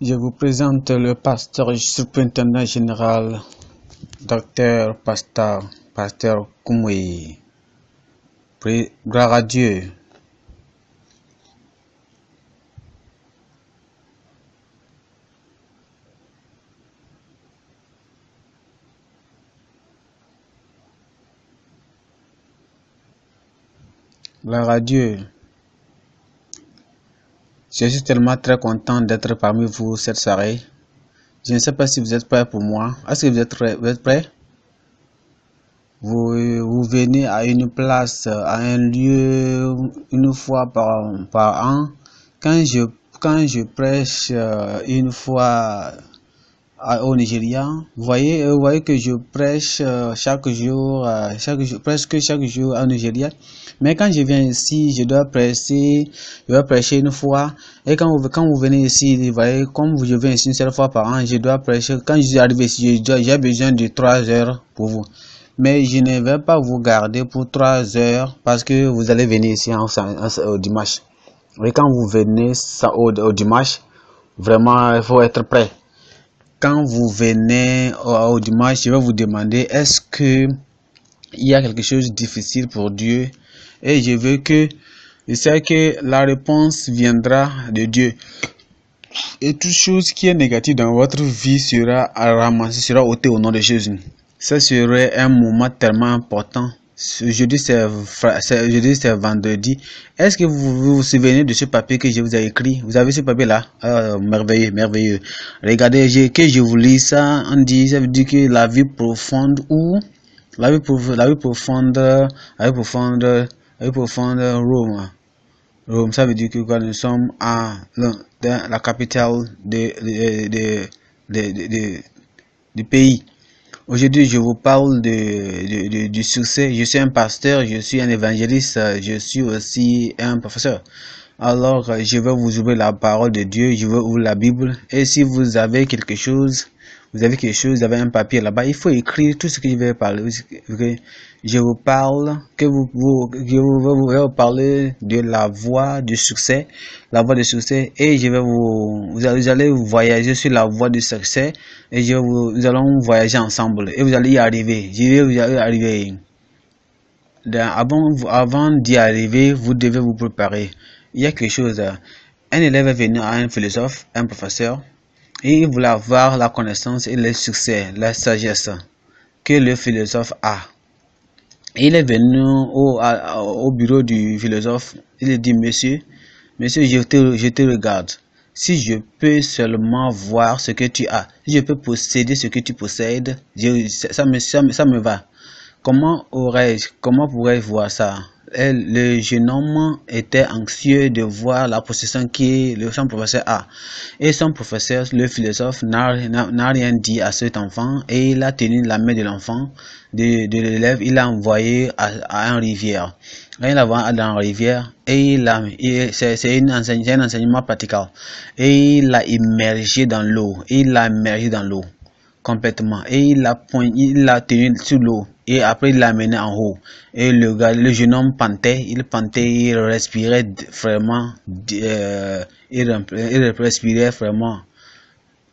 Je vous présente le pasteur superintendant général, docteur pasteur, pasteur Koumoui. Gloire à Dieu. Gloire à Dieu. Je suis tellement très content d'être parmi vous cette soirée. Je ne sais pas si vous êtes prêts pour moi. Est-ce que vous êtes prêts, vous Vous, vous, venez à une place, à un lieu, une fois par, par an. Quand je, quand je prêche euh, une fois au Nigeria. Vous voyez, euh, vous voyez que je prêche euh, chaque jour, euh, chaque jour, presque chaque jour au Nigeria. Mais quand je viens ici, je dois prêcher, je dois prêcher une fois. Et quand vous, quand vous venez ici, vous voyez, comme je viens ici une seule fois par an, je dois prêcher. Quand je suis arrivé ici, j'ai besoin de trois heures pour vous. Mais je ne vais pas vous garder pour trois heures parce que vous allez venir ici au dimanche. Et quand vous venez au, au dimanche, vraiment, il faut être prêt quand vous venez au dimanche, je vais vous demander est-ce que il y a quelque chose de difficile pour Dieu Et je veux que je sais que la réponse viendra de Dieu. Et toute chose qui est négative dans votre vie sera ramassée, sera ôtée au nom de Jésus. Ce serait un moment tellement important jeudi c'est vendredi. Est-ce que vous, vous, souvenez de ce papier que je vous ai écrit Vous avez ce papier là ah, Merveilleux, merveilleux. Regardez, que je vous lis ça, on dit, ça veut dire que la vie profonde ou la vie, la profonde, la vie profonde, la vie profonde Rome. Rome, ça veut dire que nous sommes à la, capitale de du pays. Aujourd'hui, je vous parle du succès. Je suis un pasteur, je suis un évangéliste, je suis aussi un professeur. Alors, je vais vous ouvrir la parole de Dieu, je vais ouvrir la Bible. Et si vous avez quelque chose vous avez quelque chose, vous avez un papier là-bas, il faut écrire tout ce que je vais parler. je vous parle, que vous, vous, je vous, vous parler de la voie du succès, la voie du succès, et je vais vous, vous allez, vous voyager sur la voie du succès, et je nous allons voyager ensemble, et vous allez y arriver. Je vais vous allez arriver. avant avant d'y arriver, vous devez vous préparer. Il y a quelque chose. Un élève est venu à un philosophe, un professeur, il voulait voulait avoir la connaissance et le succès, la sagesse que le philosophe a. il est venu au, bureau du philosophe, il dit, monsieur, monsieur, je te, regarde. Si je peux seulement voir ce que tu as, si je peux posséder ce que tu possèdes, ça, me, ça, ça me va. Comment aurais-je, comment pourrais-je voir ça le jeune homme était anxieux de voir la qui que son professeur a. Et son professeur, le philosophe, n'a rien dit à cet enfant et il a tenu la main de l'enfant, de, l'élève, il l'a envoyé à, une rivière. Il l'a dans la rivière et c'est un enseignement pratique. Et il l'a immergé dans l'eau. Il l'a immergé dans l'eau complètement et il l'a tenu sous l'eau et après il l'a amené en haut. Et le, gars, le jeune homme pantait, il pantait, il respirait vraiment, euh, il, respirait vraiment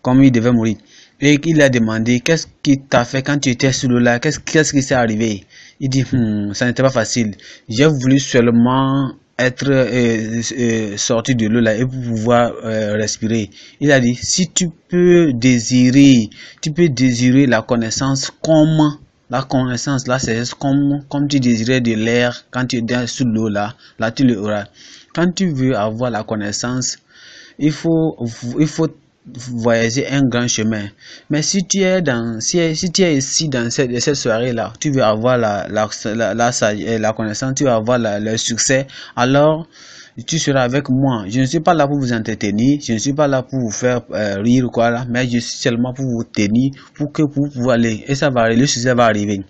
comme il devait mourir. Et il a demandé, qu'est-ce qui t'a fait quand tu étais sous l'eau là qu'est-ce qui s'est arrivé Il dit, hmm, ça n'était pas facile, j'ai voulu seulement être euh, euh, sorti de l'eau là et pour pouvoir respirer. Il a dit si tu peux désirer, tu peux désirer la connaissance comment la connaissance, là, c'est comme, comme tu désirais de l'air quand tu es sous l'eau, là, là, tu l'auras. Quand tu veux avoir la connaissance, il faut, il faut voyager un grand chemin. Mais si tu es dans, si, tu es ici dans cette, cette soirée-là, tu veux avoir la, la, connaissance, tu veux avoir le succès, alors, tu seras avec moi. Je ne suis pas là pour vous entretenir, je ne suis pas là pour vous faire euh, rire quoi là, mais je suis seulement pour vous tenir, pour que vous puissiez aller. Et ça va arriver, le sujet va arriver.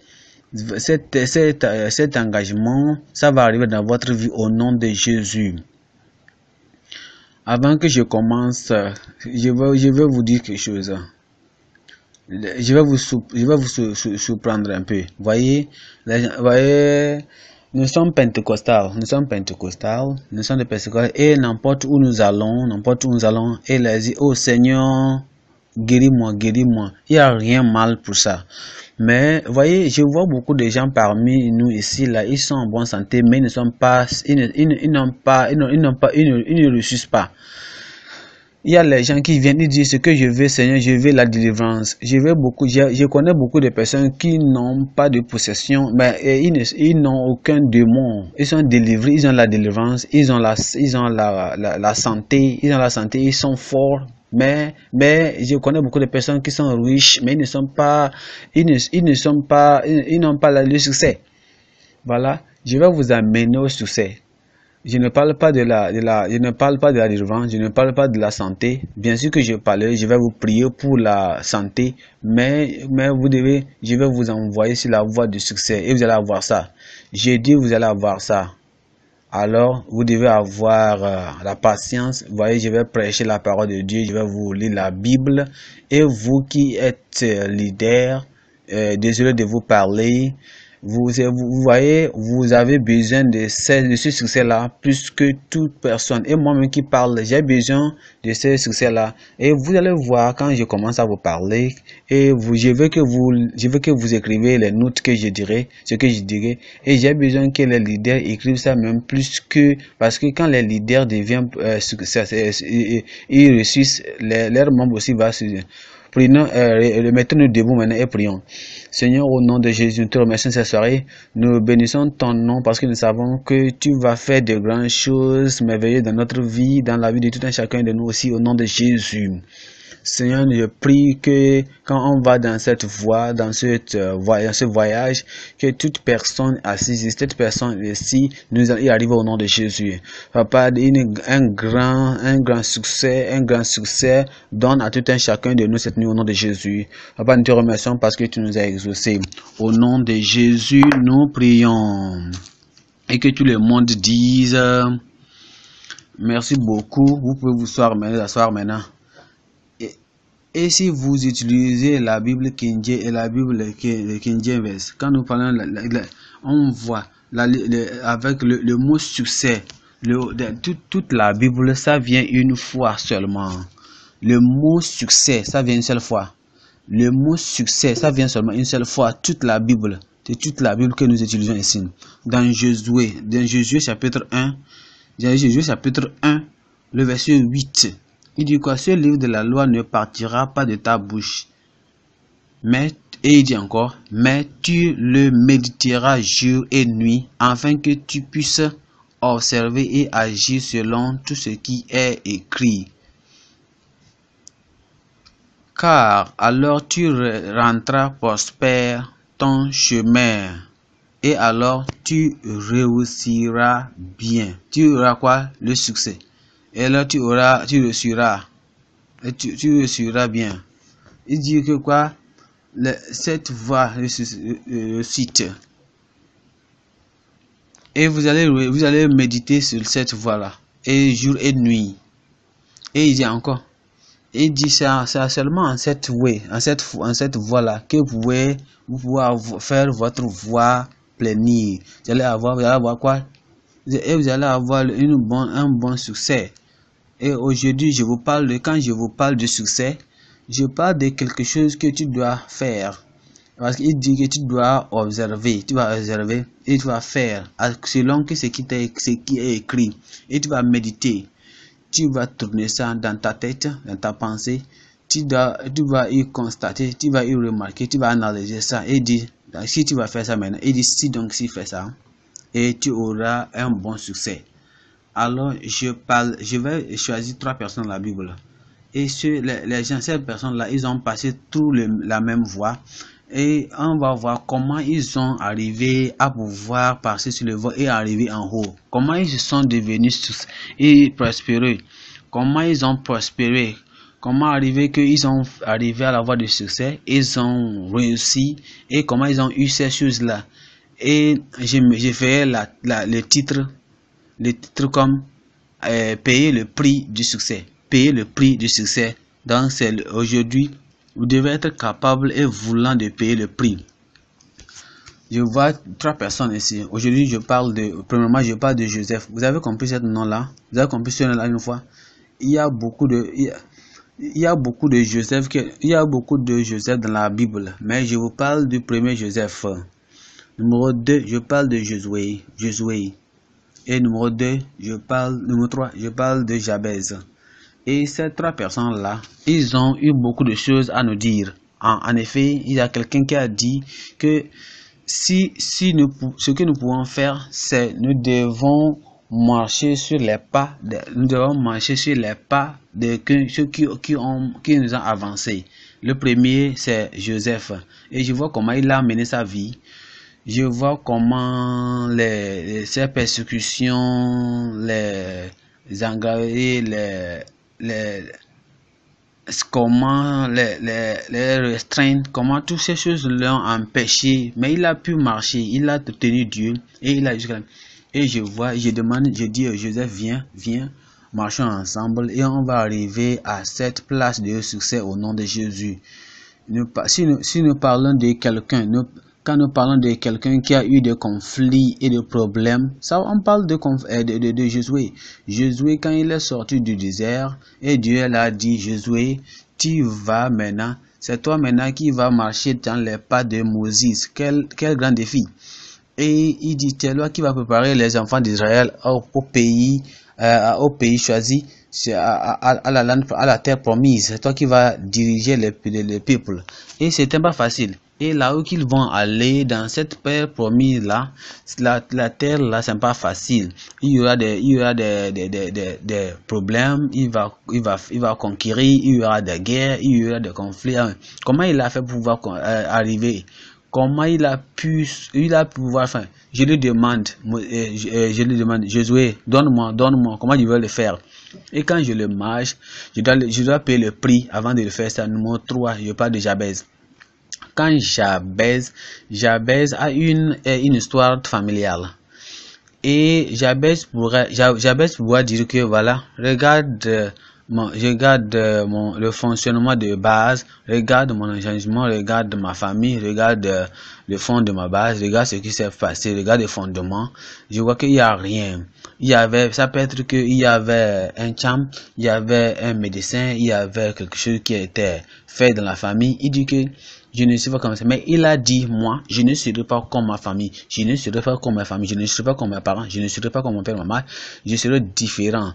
Euh, cet, engagement, ça va arriver dans votre vie au nom de Jésus. Avant que je commence, je vais, je vais vous dire quelque chose. Je vais vous, vous surprendre un peu. Voyez, voyez nous sommes pentecostales, nous sommes pentecostales, nous sommes des pentecostales, et n'importe où nous allons, n'importe où nous allons, et il a dit, oh Seigneur, guéris-moi, guéris-moi. Il n'y a rien mal pour ça. Mais voyez, je vois beaucoup de gens parmi nous ici, là, ils sont en bonne santé, mais ils ne sont pas, ils n'ont pas, ils n'ont pas, ils ne, ils pas. Il y a les gens qui viennent, et disent ce que je veux, Seigneur, je veux la délivrance. Je veux beaucoup, je, je connais beaucoup de personnes qui n'ont pas de possession, mais ils, n'ont aucun démon. Ils sont délivrés, ils ont la délivrance, ils ont la, ils ont la, la, santé, ils ont la santé, ils sont forts, mais, mais je connais beaucoup de personnes qui sont riches, mais ne sont pas, ils ne, ils ne sont pas, ils n'ont pas le succès. Voilà, je vais vous amener au succès. Je ne parle pas de la, de la, je ne parle pas de la je ne parle pas de la santé. Bien sûr que je parle, je vais vous prier pour la santé, mais, mais vous devez, je vais vous envoyer sur la voie du succès et vous allez avoir ça. J'ai dit vous allez avoir ça. Alors, vous devez avoir euh, la patience. Vous voyez, je vais prêcher la parole de Dieu, je vais vous lire la Bible. Et vous qui êtes euh, leader, euh, désolé de vous parler, vous, vous voyez, vous avez besoin de ce, de succès-là plus que toute personne. Et moi-même qui parle, j'ai besoin de ce succès-là. Et vous allez voir quand je commence à vous parler et je veux que vous, je veux que vous écrivez les notes que je dirai, ce que je dirai. Et j'ai besoin que les leaders écrivent ça même plus que parce que quand les leaders deviennent, euh, succès, ils réussissent, leur membre aussi va se Prions et euh, remettons nous debout maintenant et prions. Seigneur, au nom de Jésus, nous te remercions cette soirée. Nous bénissons ton nom parce que nous savons que tu vas faire de grandes choses merveilleuses dans notre vie, dans la vie de tout un chacun de nous aussi, au nom de Jésus. Seigneur, je prie que quand on va dans cette voie, dans, cette, euh, ce voyage, que toute personne assise, cette personne ici, nous y arrive au nom de Jésus. Papa, un, grand, un grand succès, un grand succès donne à tout un chacun de nous cette nuit au nom de Jésus. Papa, nous te remercions parce que tu nous as exaucés. Au nom de Jésus, nous prions. Et que tout le monde dise, euh, merci beaucoup. Vous pouvez vous asseoir maintenant. Et si vous utilisez la Bible King et la Bible King quand nous parlons, on voit avec le, mot succès, toute, la Bible, ça vient une fois seulement. Le mot succès, ça vient une seule fois. Le mot succès, ça vient seulement une seule fois. Toute la Bible, c'est toute la Bible que nous utilisons ici. Dans Jésus dans Josué chapitre 1, dans chapitre 1, le verset 8. Il dit quoi Ce livre de la loi ne partira pas de ta bouche. Mais, et il dit encore, mais tu le méditeras jour et nuit, afin que tu puisses observer et agir selon tout ce qui est écrit. Car alors tu rentreras prospère ton chemin et alors tu réussiras bien. Tu auras quoi Le succès et là tu auras, tu Et tu, tu réussiras bien. Il dit que quoi Cette voie site Et vous allez, vous allez méditer sur cette voie-là. Et jour et nuit. Et il dit encore. Il dit ça, seulement en cette voie en cette, en cette voie-là que vous pouvez, vous pouvez faire votre voie pleinir Vous allez avoir, vous allez avoir quoi Et vous allez avoir une bon, un bon succès. Et aujourd'hui, je vous parle de, quand je vous parle de succès, je parle de quelque chose que tu dois faire. Parce qu'il dit que tu dois observer, tu vas observer et tu vas faire selon ce qui, est écrit. Et tu vas méditer. Tu vas tourner ça dans ta tête, dans ta pensée. Tu, dois, tu vas y constater, tu vas y remarquer, tu vas analyser ça et dire bah, si tu vas faire ça maintenant. Et si donc si fais ça. Et tu auras un bon succès alors je parle, je vais choisir trois personnes de la Bible. Et sur les, ces personnes-là, ils ont passé tout la même voie. Et on va voir comment ils ont arrivé à pouvoir passer sur le voie et arriver en haut. Comment ils sont devenus et prospérés. Comment ils ont prospéré. Comment arriver qu'ils ont arrivé à la voie du succès. Ils ont réussi. Et comment ils ont eu ces choses-là. Et je, je le titre les trucs comme euh, Payer le prix du succès. Payer le prix du succès. Donc, aujourd'hui, vous devez être capable et voulant de payer le prix. Je vois trois personnes ici. Aujourd'hui, je parle de. Premièrement, je parle de Joseph. Vous avez compris ce nom-là Vous avez compris ce nom-là une fois Il y a beaucoup de. Il y a, beaucoup de Joseph il y a beaucoup de Joseph dans la Bible, mais je vous parle du premier Joseph. Numéro 2, je parle de Josué. Josué. Et numéro 2, je parle, numéro 3, je parle de Jabez. Et ces trois personnes-là, ils ont eu beaucoup de choses à nous dire. En, effet, il y a quelqu'un qui a dit que si, si nous, ce que nous pouvons faire, c'est nous devons marcher sur les pas, de, nous devons marcher sur les pas de ceux qui, qui, ont, qui nous ont avancé. Le premier, c'est Joseph. Et je vois comment il a mené sa vie je vois comment les, ces persécutions, les, les, comment les, les, restreintes, comment toutes ces choses l'ont empêché. Mais il a pu marcher, il a tenu Dieu et il a Et je vois, je demande, je dis à Joseph, viens, viens, marchons ensemble et on va arriver à cette place de succès au nom de Jésus. Nous, si, nous, si nous parlons de quelqu'un, quand nous parlons de quelqu'un qui a eu des conflits et des problèmes, ça, on parle de, Jésus. Euh, de, Josué. quand il est sorti du désert, et Dieu l'a dit, Josué, tu vas maintenant, c'est toi maintenant qui vas marcher dans les pas de Moïse. Quel, grand défi. Et il dit, c'est toi qui va préparer les enfants d'Israël au, pays, euh, au pays choisi, à, à, la, terre promise. C'est toi qui vas diriger les, les, les peuples. Et c'était pas facile. Et là où qu'ils vont aller, dans cette terre promise là, la, terre là, c'est pas facile. Il y aura des, il y aura des, des, des, des, problèmes, il va, il, va, il va conquérir, il y aura des guerres, il y aura des conflits. Hein. Comment il a fait pour pouvoir euh, arriver Comment il a pu, il a pouvoir, enfin, je lui demande, euh, euh, je, lui demande, Josué, donne-moi, donne-moi, comment tu veux le faire et quand je le marche, je dois, je dois payer le prix avant de le faire. Ça Numéro trois, 3, je parle de Jabez quand Jabez, Jabez a une, euh, une histoire familiale. Et Jabez pourrait, pourrait dire que voilà, regarde, euh, mon, regarde euh, mon, le fonctionnement de base, regarde mon engagement, regarde ma famille, regarde le fond de ma base, regarde ce qui s'est passé, regarde les fondement. Je vois qu'il n'y a rien. Il y avait, ça peut être qu'il y avait un champ, il y avait un médecin, il y avait quelque chose qui était fait dans la famille. Il dit que je ne suis pas comme ça. Mais il a dit, moi, je ne serai pas comme ma famille, je ne serai pas comme ma famille, je ne serai pas comme mes parents, je ne serai pas comme mon père, maman, je serai différent.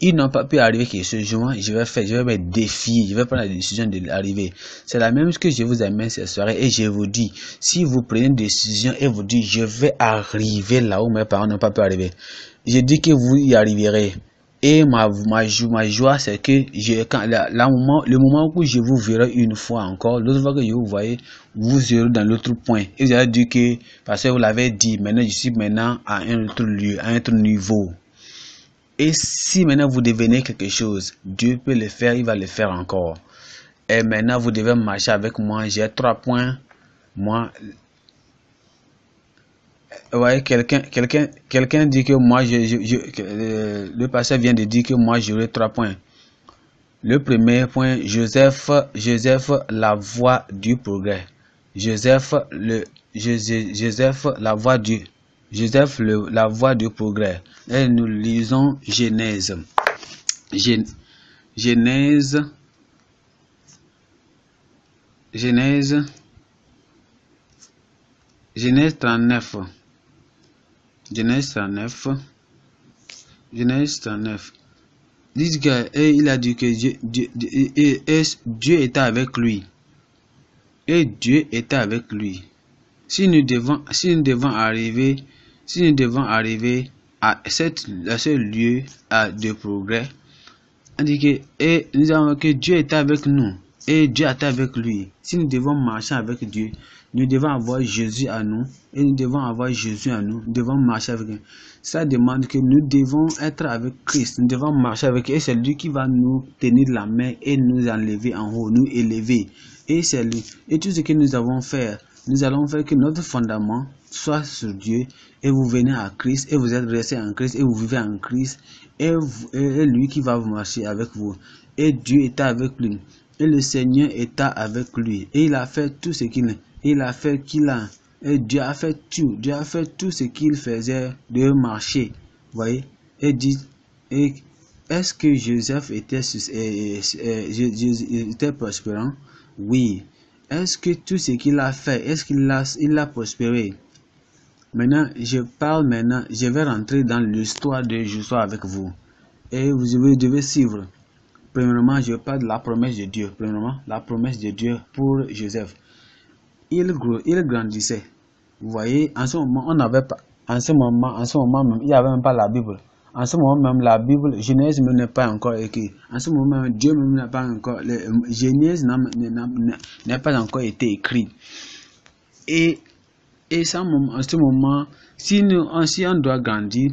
Ils n'ont pas pu arriver que ce jour, je vais faire, je vais me défier, je vais prendre la décision d'arriver. C'est la même chose que je vous amène cette soirée et je vous dis, si vous prenez une décision et vous dites, je vais arriver là où mes parents n'ont pas pu arriver, je dis que vous y arriverez. Et ma, ma, ma joie, c'est que je, quand, la, moment, le moment où je vous verrai une fois encore, l'autre fois que je vous voyez, vous serez dans l'autre point. Et vous allez que, parce que vous l'avez dit, maintenant je suis maintenant à un autre lieu, à un autre niveau. Et si maintenant vous devenez quelque chose, Dieu peut le faire, il va le faire encore. Et maintenant vous devez marcher avec moi. J'ai trois points. Moi, voyez, quelqu'un quelqu'un quelqu'un dit que moi, je, euh, le passé vient de dire que moi, j'aurai trois points. Le premier point, Joseph, Joseph, la voix du progrès. Joseph, le, Joseph, la voix du, Joseph, le, la voix du progrès. Et nous lisons Genèse. Genèse, Genèse, Genèse 39. Genèse 39. Genèse 39. il a dit que Dieu, Dieu, était avec lui. Et Dieu était avec lui. Si nous devons, si nous devons arriver, si nous devons arriver à, cette, à ce lieu à, de progrès, indiqué, et nous avons que Dieu était avec nous et Dieu est avec lui. Si nous devons marcher avec Dieu, nous devons avoir Jésus à nous et nous devons avoir Jésus à nous, nous devons marcher avec lui. Ça demande que nous devons être avec Christ, nous devons marcher avec lui et c'est lui qui va nous tenir la main et nous enlever en haut, nous élever. Et c'est lui. Et tout ce que nous avons faire, nous allons faire que notre fondement soit sur Dieu et vous venez à Christ et vous êtes resté en Christ et vous vivez en Christ et, et lui qui va vous marcher avec vous. Et Dieu est avec lui. Et le Seigneur était avec lui. Et il a fait tout ce qu'il a fait qu'il a. Et Dieu a fait tout. Dieu a fait tout ce qu'il faisait de marcher. Voyez. Et dit, est-ce que Joseph était, prospérant? Oui. Est-ce que tout ce qu'il a fait, est-ce qu'il a, il a prospéré? Maintenant, je parle maintenant, je vais rentrer dans l'histoire de Joshua avec vous. Et vous devez suivre. Premièrement, je parle de la promesse de Dieu. Premièrement, la promesse de Dieu pour Joseph. Il, il grandissait. Vous voyez, en ce moment, on n'avait pas. En ce moment, en ce moment il n'y avait même pas la Bible. En ce moment même, la Bible, Genèse n'est pas encore écrite. En ce moment Dieu même pas encore. Genèse n'a pas encore été écrit. Et, et en ce moment, si, nous, si on doit grandir,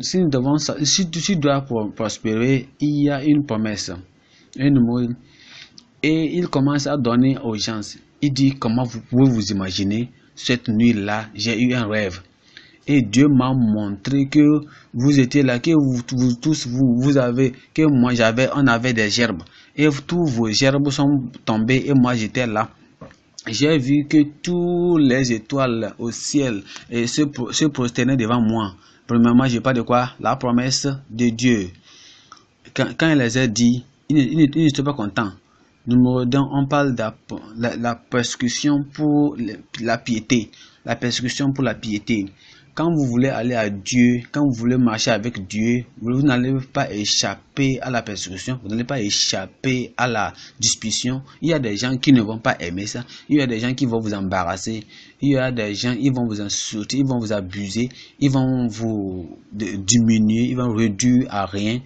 si, devons, si, tu dois prospérer, il y a une promesse, une mot. Et il commence à donner aux gens. Il dit, comment vous pouvez vous imaginer, cette nuit-là, j'ai eu un rêve. Et Dieu m'a montré que vous étiez là, que vous, tous, vous, vous, avez, que moi j'avais, on avait des gerbes. Et tous vos gerbes sont tombés et moi j'étais là j'ai vu que toutes les étoiles au ciel se, se prosternaient devant moi. Premièrement, je parle de quoi La promesse de Dieu. Quand, il les a dit, ils n'étaient pas contents. Numéro 2, on parle de la, persécution pour la piété. La persécution pour la piété. Quand vous voulez aller à Dieu, quand vous voulez marcher avec Dieu, vous n'allez pas échapper à la persécution, vous n'allez pas échapper à la discussion. Il y a des gens qui ne vont pas aimer ça. Il y a des gens qui vont vous embarrasser. Il y a des gens, ils vont vous insulter, ils vont vous abuser, ils vont vous diminuer, ils vont réduire à rien.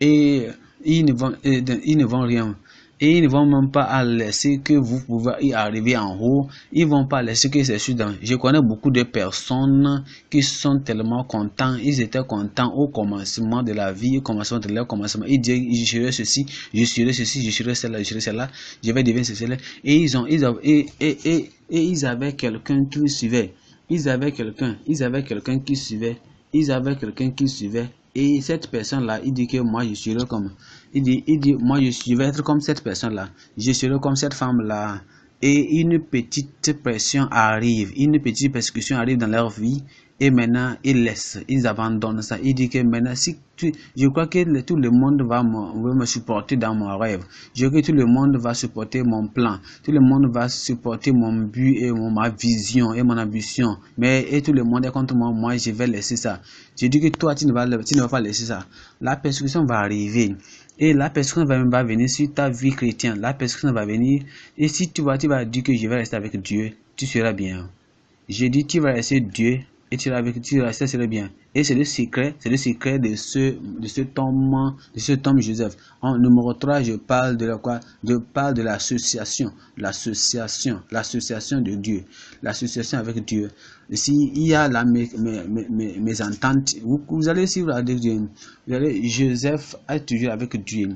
Et ils ne vont, ils ne vont rien et ils ne vont même pas laisser que vous pouvez y arriver en haut. Ils vont pas laisser que c'est sûr. Je connais beaucoup de personnes qui sont tellement contents. Ils étaient contents au commencement de la vie, au commencement de leur commencement. Ils disaient, je serai ceci, je serai ceci, je serai cela, je serai cela. je vais devenir ceci là Et ils ont, ils ont, et, et, et ils avaient quelqu'un qui suivait. Ils avaient quelqu'un, ils avaient quelqu'un qui suivait. Ils avaient quelqu'un qui suivait et cette personne-là, il dit que moi, je serai comme. Il dit, il moi, je, vais être comme cette personne-là. Je serai comme cette femme-là. Et une petite pression arrive, une petite persécution arrive dans leur vie. Et maintenant, ils laissent, ils abandonnent ça. Ils disent que maintenant, si je crois que tout le monde va me, supporter dans mon rêve. Je crois que tout le monde va supporter mon plan. Tout le monde va supporter mon but et ma vision et mon ambition. Mais et tout le monde est contre moi. Moi, je vais laisser ça. Je dis que toi, tu ne vas, tu ne vas pas laisser ça. La persécution va arriver. Et la persécution va même pas venir sur ta vie chrétienne. La persécution va venir. Et si tu vas, tu vas dire que je vais rester avec Dieu, tu seras bien. J'ai dit, tu vas rester Dieu, et avec tu c'est bien. Et c'est le secret, c'est le secret de ce, de ce de ce tombe Joseph. En numéro 3, je parle de quoi? Je parle de l'association, l'association, l'association de Dieu, l'association avec Dieu. il y a la, mes, mes, mes, ententes, vous, vous, allez suivre avec Dieu. Vous Joseph a toujours avec Dieu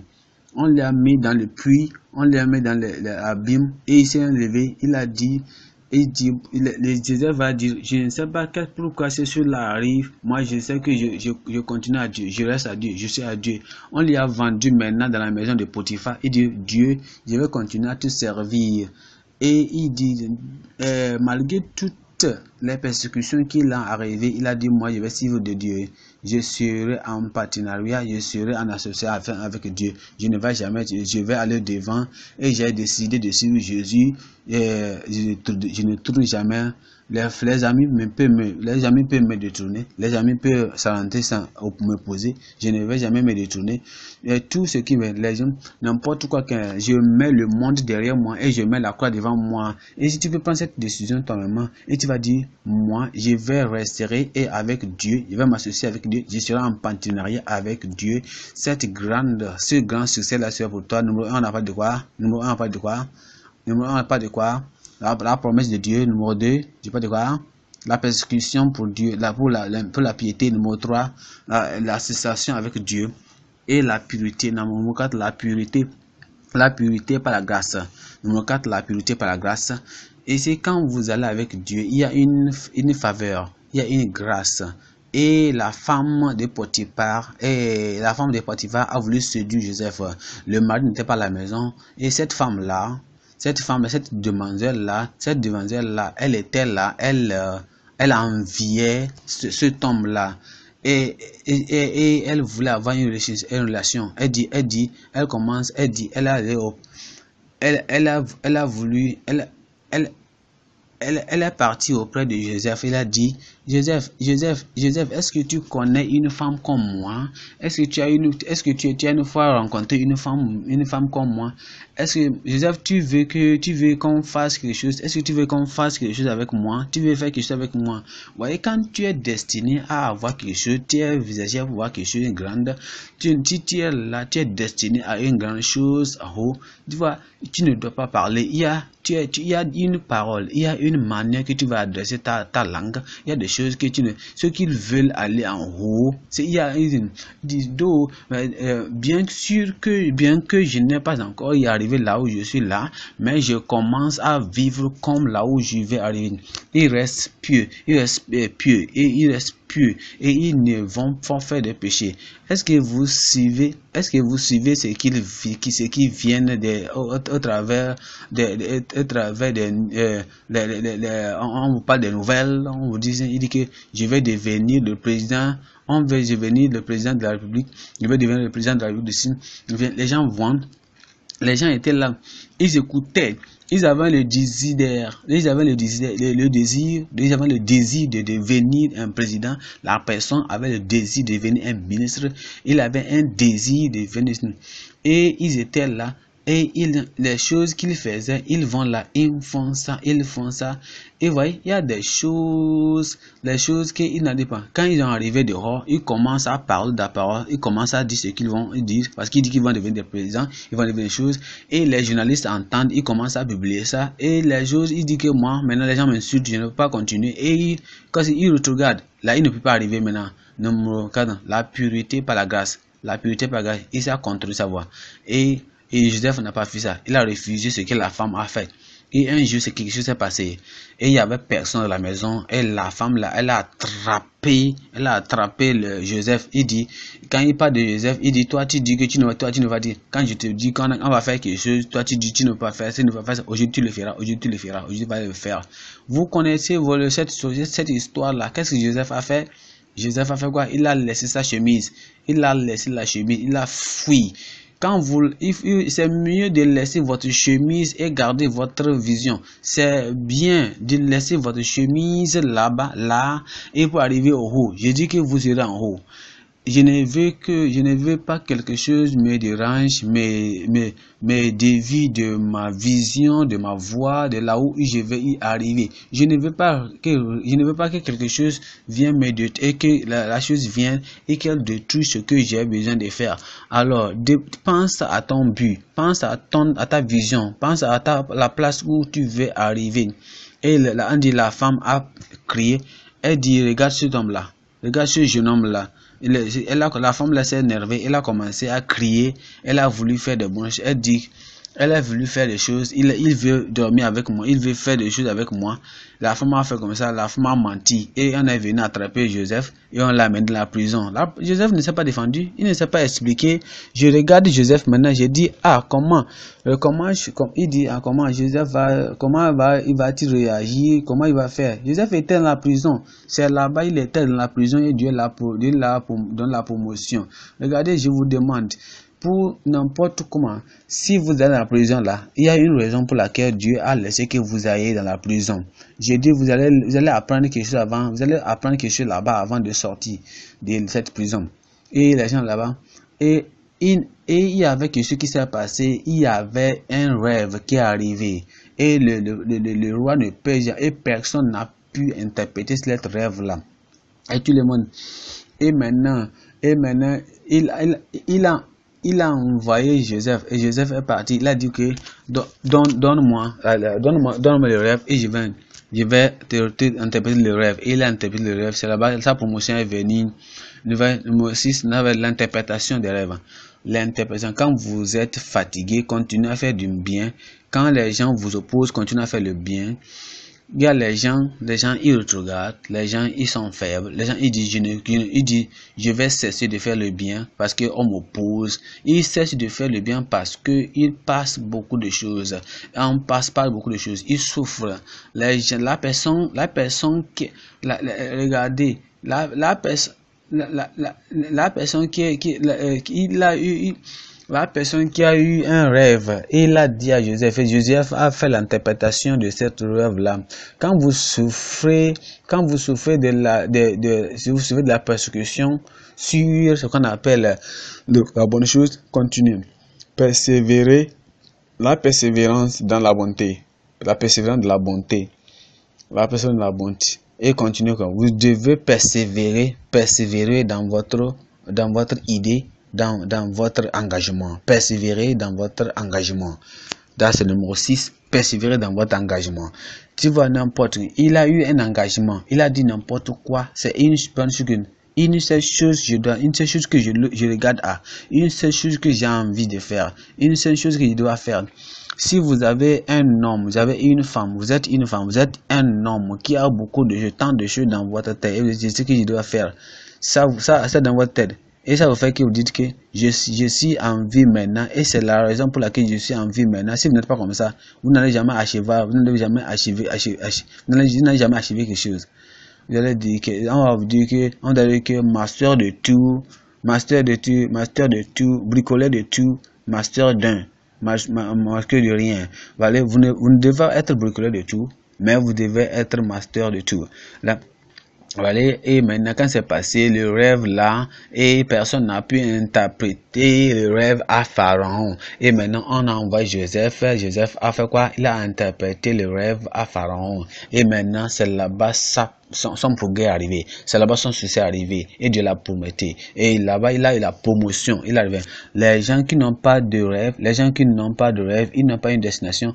on l'a mis dans le puits, on l'a mis dans l'abîme, et il s'est enlevé, il a dit, et dit, le, va dire, je ne sais pas pourquoi c'est cela arrive, moi je sais que je, je, continue à Dieu, je reste à Dieu, je suis à Dieu. On lui a vendu maintenant dans la maison de Potiphar, il dit, Dieu, je vais continuer à te servir. Et il dit, euh, malgré toutes les persécutions qu'il a arrivées, il a dit, moi je vais suivre de Dieu je serai en partenariat, je serai en association avec Dieu. Je ne vais jamais, je vais aller devant et j'ai décidé de suivre Jésus et je ne, je ne jamais les, amis me peuvent me, détourner, les amis peuvent s'arrêter sans me poser, je ne vais jamais me détourner. Et tout ce qui me, les gens, n'importe quoi, que je mets le monde derrière moi et je mets la croix devant moi. Et si tu peux prendre cette décision toi-même et tu vas dire, moi, je vais rester et avec Dieu, je vais m'associer avec Dieu, je serai en partenariat avec Dieu. Cette grande, ce grand succès-là sera pour toi. Numéro 1, on n'a pas de quoi. Numéro 1, on n'a pas de quoi. Numéro 1, on n'a pas de quoi la, promesse de Dieu, numéro 2, je pas de quoi, hein? la persécution pour Dieu, la, pour, la, la piété, numéro 3, La cessation avec Dieu, et la purité, numéro 4, la purité, la pureté par la grâce, numéro 4, la purité par la grâce, et c'est quand vous allez avec Dieu, il y a une, une faveur, il y a une grâce, et la femme de Potiphar et la femme de Potiphar a voulu séduire Joseph. Le mari n'était pas à la maison et cette femme là cette femme, cette demoiselle-là, cette demoiselle-là, elle était là, elle, euh, elle enviait ce, tombe là Et, et, et, elle voulait avoir une relation. Elle dit, elle dit, elle commence, elle dit, elle a, elle, elle a, elle a voulu, elle, elle, elle, est partie auprès de Joseph. Elle a dit, Joseph, Joseph, Joseph, est-ce que tu connais une femme comme moi Est-ce que tu as une, est-ce que tu, une fois rencontré une femme, une femme comme moi Est-ce que Joseph, tu veux que, tu veux qu'on fasse quelque chose Est-ce que tu veux qu'on fasse quelque chose avec moi Tu veux faire quelque chose avec moi voyez, quand tu es destiné à avoir quelque chose, tu es visagé à voir quelque chose de grande. Tu, tu, tu es là, tu es destiné à une grande chose. Oh, tu vois tu ne dois pas parler. Il y a, tu il y a une parole, il y a une manière que tu vas adresser ta, ta langue. Il y a des choses que tu ne. Ceux qui veulent aller en haut, c'est, il y a une. Euh, bien sûr que, bien que je n'ai pas encore y arrivé là où je suis là, mais je commence à vivre comme là où je vais arriver. Il reste pieux, il reste euh, pieux et il reste et ils ne vont pas faire des péchés Est-ce que vous suivez, est-ce que vous suivez ce qui, ce qui viennent de, au, travers, de, travers euh, on vous parle des nouvelles, on vous dit, il dit que je vais devenir le président, on veut devenir le président de la République, je vais devenir le président de la République de Les gens voient les gens étaient là, ils écoutaient ils avaient le désir, ils avaient le désir, avaient le désir de devenir un président. La personne avait le désir de devenir un ministre. Il avait un désir de devenir. Et ils étaient là et les choses qu'ils faisaient, ils vont là, ils font ça, ils font ça. Et vous voyez, il y a des choses, des choses qu'ils n'ont pas. Quand ils sont arrivé dehors, ils commencent à parler d'apparence, ils commencent à dire ce qu'ils vont dire, parce qu'ils disent qu'ils vont devenir des présidents, ils vont devenir des choses. Et les journalistes entendent, ils commencent à publier ça. Et les choses, ils disent que moi, maintenant les gens m'insultent, je ne peux pas continuer. Et quand ils regardent, là, ils ne peuvent pas arriver maintenant. Numéro 4, la pureté par la grâce. La pureté par la grâce, ils sont contre voix Et et Joseph n'a pas fait ça. Il a refusé ce que la femme a fait. Et un jour, c'est quelque chose s'est passé. Et il n'y avait personne dans la maison. Et la femme, elle a attrapé, elle a attrapé le Joseph. Il dit, quand il parle de Joseph, il dit, toi, tu dis que tu ne vas, toi, tu ne vas dire. Quand je te dis qu'on va faire quelque chose, toi, tu dis, tu ne vas pas faire, tu ne vas pas faire. Aujourd'hui, tu le feras. Aujourd'hui, tu le feras. Aujourd'hui, tu vas le faire. Vous connaissez vous, cette, cette histoire-là. Qu'est-ce que Joseph a fait? Joseph a fait quoi Il a laissé sa chemise. Il a laissé la chemise. Il a fui. Quand vous, c'est mieux de laisser votre chemise et garder votre vision. C'est bien de laisser votre chemise là-bas, là, et pour arriver au haut. Je dis que vous irez en haut je ne veux que je ne veux pas quelque chose me dérange me, dévie de ma vision de ma voie de là où je vais y arriver je ne veux pas que je ne veux pas que quelque chose vienne me détruire et que la, chose vienne et qu'elle détruise ce que j'ai besoin de faire alors pense à ton but pense à ton à ta vision pense à ta, la place où tu veux arriver et la, la, la femme a crié elle dit regarde cet homme là regarde ce jeune homme là elle a, la femme la s'est énervée, elle a commencé à crier, elle a voulu faire des bronches, elle dit elle a voulu faire des choses. Il, veut dormir avec moi. Il veut faire des choses avec moi. La femme a fait comme ça. La femme a menti. Et on est venu attraper Joseph. Et on l'a amené dans la prison. Joseph ne s'est pas défendu. Il ne s'est pas expliqué. Je regarde Joseph maintenant. Je dis, ah, comment, euh, comment, il dit, ah, comment Joseph va, comment va, va-t-il réagir? Comment il va faire? Joseph était dans la prison. C'est là-bas, il était dans la prison et Dieu l'a, donné la promotion. Regardez, je vous demande pour n'importe comment. Si vous êtes dans la prison là, il y a une raison pour laquelle Dieu a laissé que vous ayez dans la prison. J'ai dit, vous allez, vous allez apprendre quelque chose avant, vous allez apprendre quelque chose là-bas avant de sortir de cette prison. Et les gens là-bas, et, et, et il y avait quelque chose qui s'est passé, il y avait un rêve qui est arrivé. Et le, le, le, roi ne peut et personne n'a pu interpréter ce rêve là. Et tout le monde. Et maintenant, et maintenant, il, il a il a envoyé Joseph et Joseph est parti. Il a dit que donne-moi donne moi donne donne le rêve et je vais, je vais interpréter le rêve. Et il a interprété le rêve. C'est là-bas sa promotion est venue. Numéro 6, l'interprétation des rêves. L'interprétation, quand vous êtes fatigué, continuez à faire du bien. Quand les gens vous opposent, continuez à faire le bien les gens, les gens ils regardent, les gens ils sont faibles, les gens ils disent je je vais cesser de faire le bien parce qu'on m'oppose. Ils cessent de faire le bien parce que passent beaucoup de choses. Et on passe pas beaucoup de choses. Ils souffrent. Les la personne, la personne qui, la, regardez, la, personne. La, la, qui, euh, qui, il a eu, la personne qui a eu un rêve, il a dit à Joseph, et Joseph a fait l'interprétation de cette rêve-là. Quand vous souffrez, quand vous souffrez de la, de, si vous souffrez de la persécution sur ce qu'on appelle la bonne chose, continue. Persévérez la persévérance dans la bonté, la persévérance de la bonté, la personne de la bonté. Et continuez comme vous devez persévérer, persévérer dans votre, dans votre idée, dans, votre engagement. Persévérez dans votre engagement. Dans ce numéro 6, persévérez dans votre engagement. Tu vois n'importe Il a eu un engagement. Il a dit n'importe quoi. C'est une Une seule chose, je dois, une seule chose que je, regarde à, une seule chose que j'ai envie de faire, une seule chose que je dois faire. Si vous avez un homme, vous avez une femme, vous êtes une femme, vous êtes un homme qui a beaucoup de temps tant de choses dans votre tête, et vous dites ce que je dois faire. Ça, ça, ça dans votre tête. Et ça vous fait que vous dites que je, je suis en vie maintenant. Et c'est la raison pour laquelle je suis en vie maintenant. Si vous n'êtes pas comme ça, vous n'allez jamais achever, vous n'allez jamais achever, achever, achever vous n'allez jamais achever quelque chose. Vous allez dire que, on va vous dire que, on va dire que master de tout, master de tout, master de tout, bricoleur de tout, master d'un, master de rien. Vous, allez, vous, ne, vous ne devez être bricoleur de tout, mais vous devez être master de tout. Là, et maintenant, quand c'est passé, le rêve là, et personne n'a pu interpréter le rêve à Pharaon. Et maintenant, on envoie Joseph. Joseph a fait quoi Il a interprété le rêve à Pharaon. Et maintenant, c'est là-bas ça son, progrès est arrivé. C'est là-bas son succès est arrivé. Et Dieu l'a prometté. Et là-bas, il a la promotion. Il arrive. Les gens qui n'ont pas de rêve, les gens qui n'ont pas de rêve, ils n'ont pas une destination.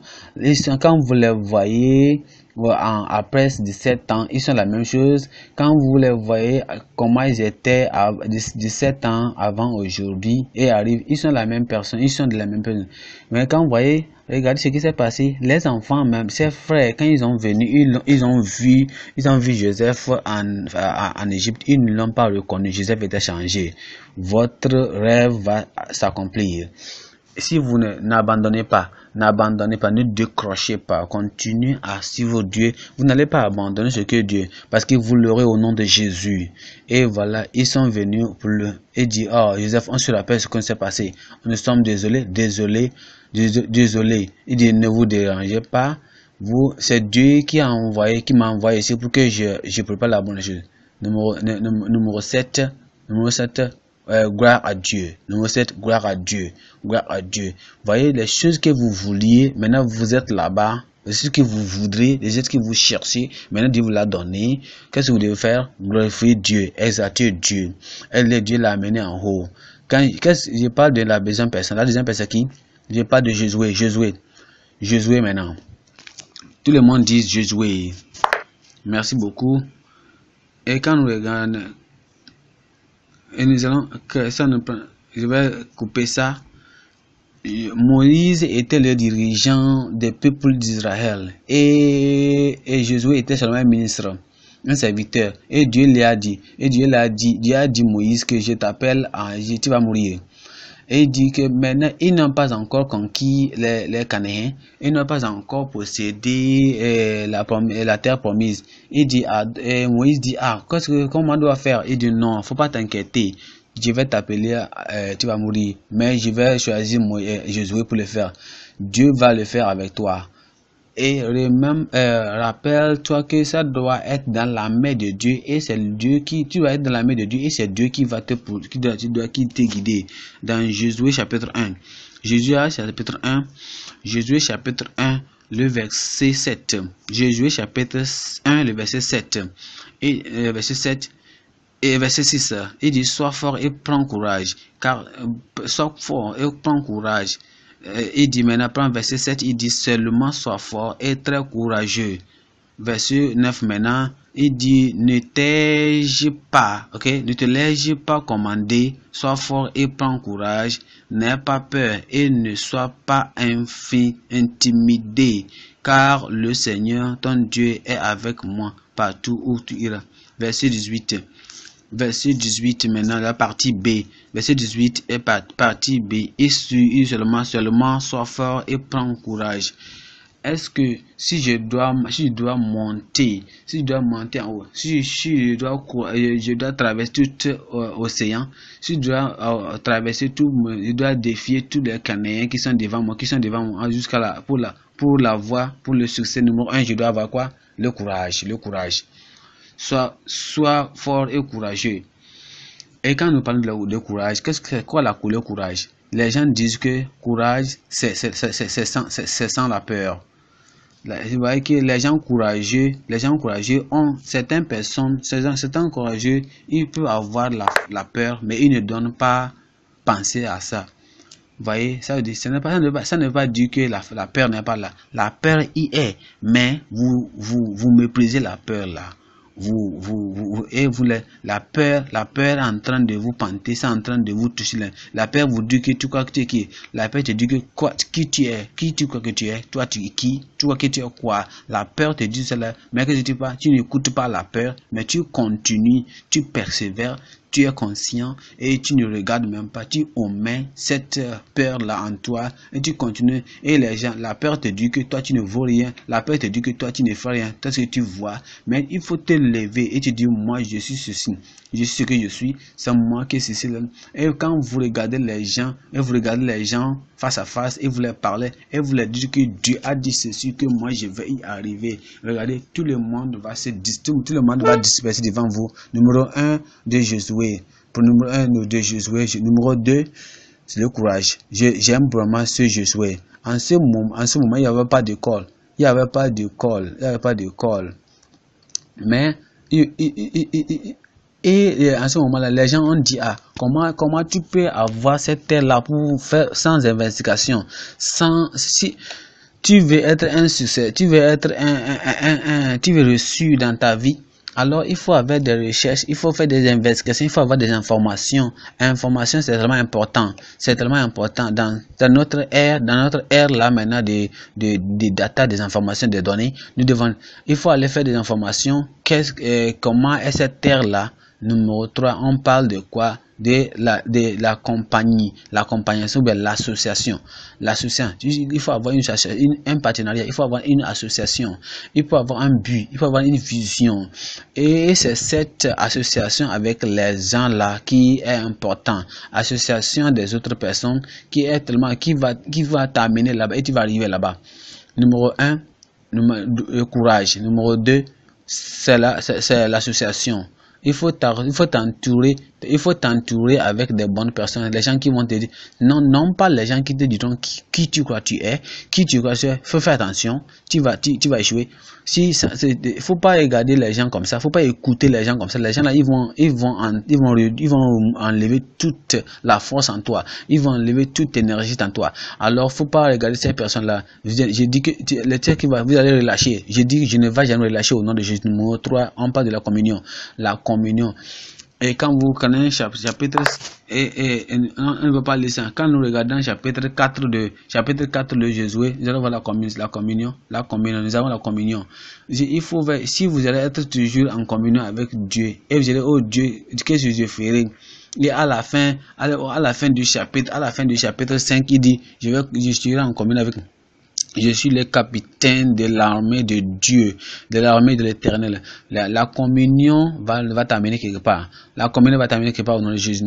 quand vous les voyez, en, après 17 ans, ils sont la même chose. Quand vous les voyez, euh, comment ils étaient à 17 ans avant aujourd'hui et arrivent, ils sont la même personne, ils sont de la même personne. Mais quand vous voyez, regardez ce qui s'est passé. Les enfants, même ses frères, quand ils sont venus ils, ils ont vu, ils ont vu Joseph en, en Égypte, ils ne l'ont pas reconnu. Joseph était changé. Votre rêve va s'accomplir si vous n'abandonnez pas, n'abandonnez pas, ne décrochez pas, continuez à suivre Dieu. Vous n'allez pas abandonner ce que Dieu, parce que vous l'aurez au nom de Jésus. Et voilà, ils sont venus pour le et dit, oh Joseph, on se rappelle ce qu'on s'est passé. Nous sommes désolés, désolés, désolés. Il dit, ne vous dérangez pas. Vous, c'est Dieu qui a envoyé, qui m'a envoyé ici pour que je, je prépare la bonne chose. Numéro, numéro 7, numéro 7, euh, gloire à Dieu. Numéro 7, gloire à Dieu. Gloire à Dieu. Voyez, les choses que vous vouliez, maintenant vous êtes là-bas. Ce que vous voudrez, les choses que vous cherchez, maintenant Dieu vous l'a donné. Qu'est-ce que vous devez faire Glorifier Dieu, exalter Dieu. Elle, Dieu l'a amené en haut. Quand, je parle de la deuxième personne, la deuxième personne qui Je parle de Josué, Josué. Josué maintenant. Tout le monde dit Josué. Merci beaucoup. Et quand nous regardons, et nous allons que ça ne je vais couper ça. Moïse était le dirigeant des peuples d'Israël et, et était seulement un ministre, un serviteur. Et Dieu lui a dit, et Dieu a dit, Dieu a dit Moïse que je t'appelle, ah, tu vas mourir. Et il dit que maintenant, ils n'ont pas encore conquis les, les ils n'ont pas encore possédé euh, euh, la, terre promise. Il dit à, euh, Moïse dit, ah, qu'est-ce que, comment on doit faire Il dit, non, faut pas t'inquiéter, je vais t'appeler, tu vas mourir, mais je vais choisir Jésus pour le faire. Dieu va le faire avec toi. Et même, euh, rappelle-toi que ça doit être dans la main de Dieu et c'est Dieu qui, tu vas être dans la main de Dieu et c'est Dieu qui va te, qui doit, tu dois, qui te guider. Dans Jésus chapitre 1, Jésus chapitre 1, Jésus chapitre 1, le verset 7. Jésus chapitre 1, le verset 7. Et euh, verset 7. Et verset 6, il dit, sois fort et prends courage, car, euh, sois fort et prends courage, euh, il dit maintenant, prends verset 7, il dit seulement sois fort et très courageux. Verset 9 maintenant, il dit ne t'ai-je pas, ok, ne te laisse pas commander, sois fort et prends courage, n'aie pas peur et ne sois pas infi, intimidé, car le Seigneur ton Dieu est avec moi partout où tu iras. Verset 18 verset 18 maintenant, la partie B. Verset 18 est partie B. Et suis seulement, seulement, sois fort et prends courage. Est-ce que si je dois, je dois monter, si je dois monter en haut, si, je, dois, euh, je dois traverser tout l'océan, euh, océan, si je dois euh, traverser tout, je dois défier tous les Canadiens qui sont devant moi, qui sont devant moi jusqu'à la, pour la, pour la voie, pour le succès numéro un, je dois avoir quoi? Le courage, le courage. Sois, soit fort et courageux. Et quand nous parlons de, courage, qu'est-ce que c'est quoi la couleur courage Les gens disent que courage, c'est sans, la peur. Vous voyez que les gens courageux, les gens courageux ont certaines personnes, certains courageux, ils peuvent avoir la, la peur, mais ils ne donnent pas penser à ça. Vous voyez, ça ça ne veut pas, ça ne dire que la, la peur n'est pas là. La peur y est, mais vous, vous, vous méprisez la peur là vous, vous, vous, et vous la peur, la peur en train de vous panter, c'est en train de vous toucher. La peur vous dit que tu crois que tu es qui La peur te dit que quoi, qui tu es, qui tu crois que tu es, toi tu es qui, toi que tu es quoi La peur te dit cela, mais que tu, pas, tu n'écoutes pas la peur, mais tu continues, tu persévères, tu es conscient et tu ne regardes même pas, tu omets cette peur-là en toi et tu continues. Et les gens, la peur te dit que toi tu ne vaux rien, la peur te dit que toi tu ne fais rien, tout ce que tu vois. Mais il faut te lever et te dis moi je suis ceci, je suis ce que je suis, c'est moi qui suis Et quand vous regardez les gens, et vous regardez les gens face à face, et vous leur parlez, et vous leur dites que Dieu a dit ceci, que moi je vais y arriver. Regardez, tout le monde va se tout le monde va disperser devant vous. Numéro 1, de Josué. Pour numéro 1, de Josué. Numéro 2, c'est le courage. J'aime vraiment ce Josué. En ce moment, en ce moment il n'y avait pas de col. Il n'y avait pas de col. Il n'y avait pas de col. Mais il, il, et à euh, ce moment-là, les gens ont dit, ah, comment, comment tu peux avoir cette terre-là pour faire sans investigation, sans, si, tu veux être un succès, tu veux être un, un, un, tu veux reçu dans ta vie, alors, il faut avoir des recherches, il faut faire des investigations, il faut avoir des informations. Information, c'est vraiment important. C'est tellement important dans, notre ère, dans notre ère là maintenant des de, de data, des informations, des données. Nous devons, il faut aller faire des informations. Qu'est-ce, euh, comment est cette terre là Numéro 3, on parle de quoi de la, compagnie, la compagnie, l'association. L'association, il faut avoir une, un partenariat, il faut avoir une association, il faut avoir un but, il faut avoir une vision. Et c'est cette association avec les gens-là qui est important. Association des autres personnes qui est tellement, qui va, qui va t'amener là-bas et tu vas arriver là-bas. Numéro 1, le courage. Numéro 2, c'est l'association il faut t'entourer il faut t'entourer avec des bonnes personnes, les gens qui vont te dire, non, non pas les gens qui te disent qui, qui tu crois tu es, qui tu crois tu es, faut faire attention, tu vas, tu, vas échouer. Si ne faut pas regarder les gens comme ça, faut pas écouter les gens comme ça. Les gens là, ils vont, ils vont, ils vont, ils vont enlever toute la force en toi, ils vont enlever toute énergie en toi. Alors, faut pas regarder ces personnes là. Je, dis que les qui va, vous allez relâcher. Je dis, je ne vais jamais relâcher au nom de Jésus numéro 3. On parle de la communion, la communion. Et quand vous connaissez chapitre, et, on ne veut pas laisser. Quand nous regardons chapitre 4 de chapitre 4 de Jésus, nous allons voir la communion, la communion, la communion. Nous avons la communion. Il faut si vous allez être toujours en communion avec Dieu, et vous allez, oh Dieu, qu'est-ce que je ferai? Et à la fin, à la fin du chapitre, à la fin du chapitre 5, il dit, je vais, je serai en communion avec je suis le capitaine de l'armée de Dieu, de l'armée de l'éternel. La, communion va, va t'amener quelque part. La communion va t'amener quelque part au nom de Jésus.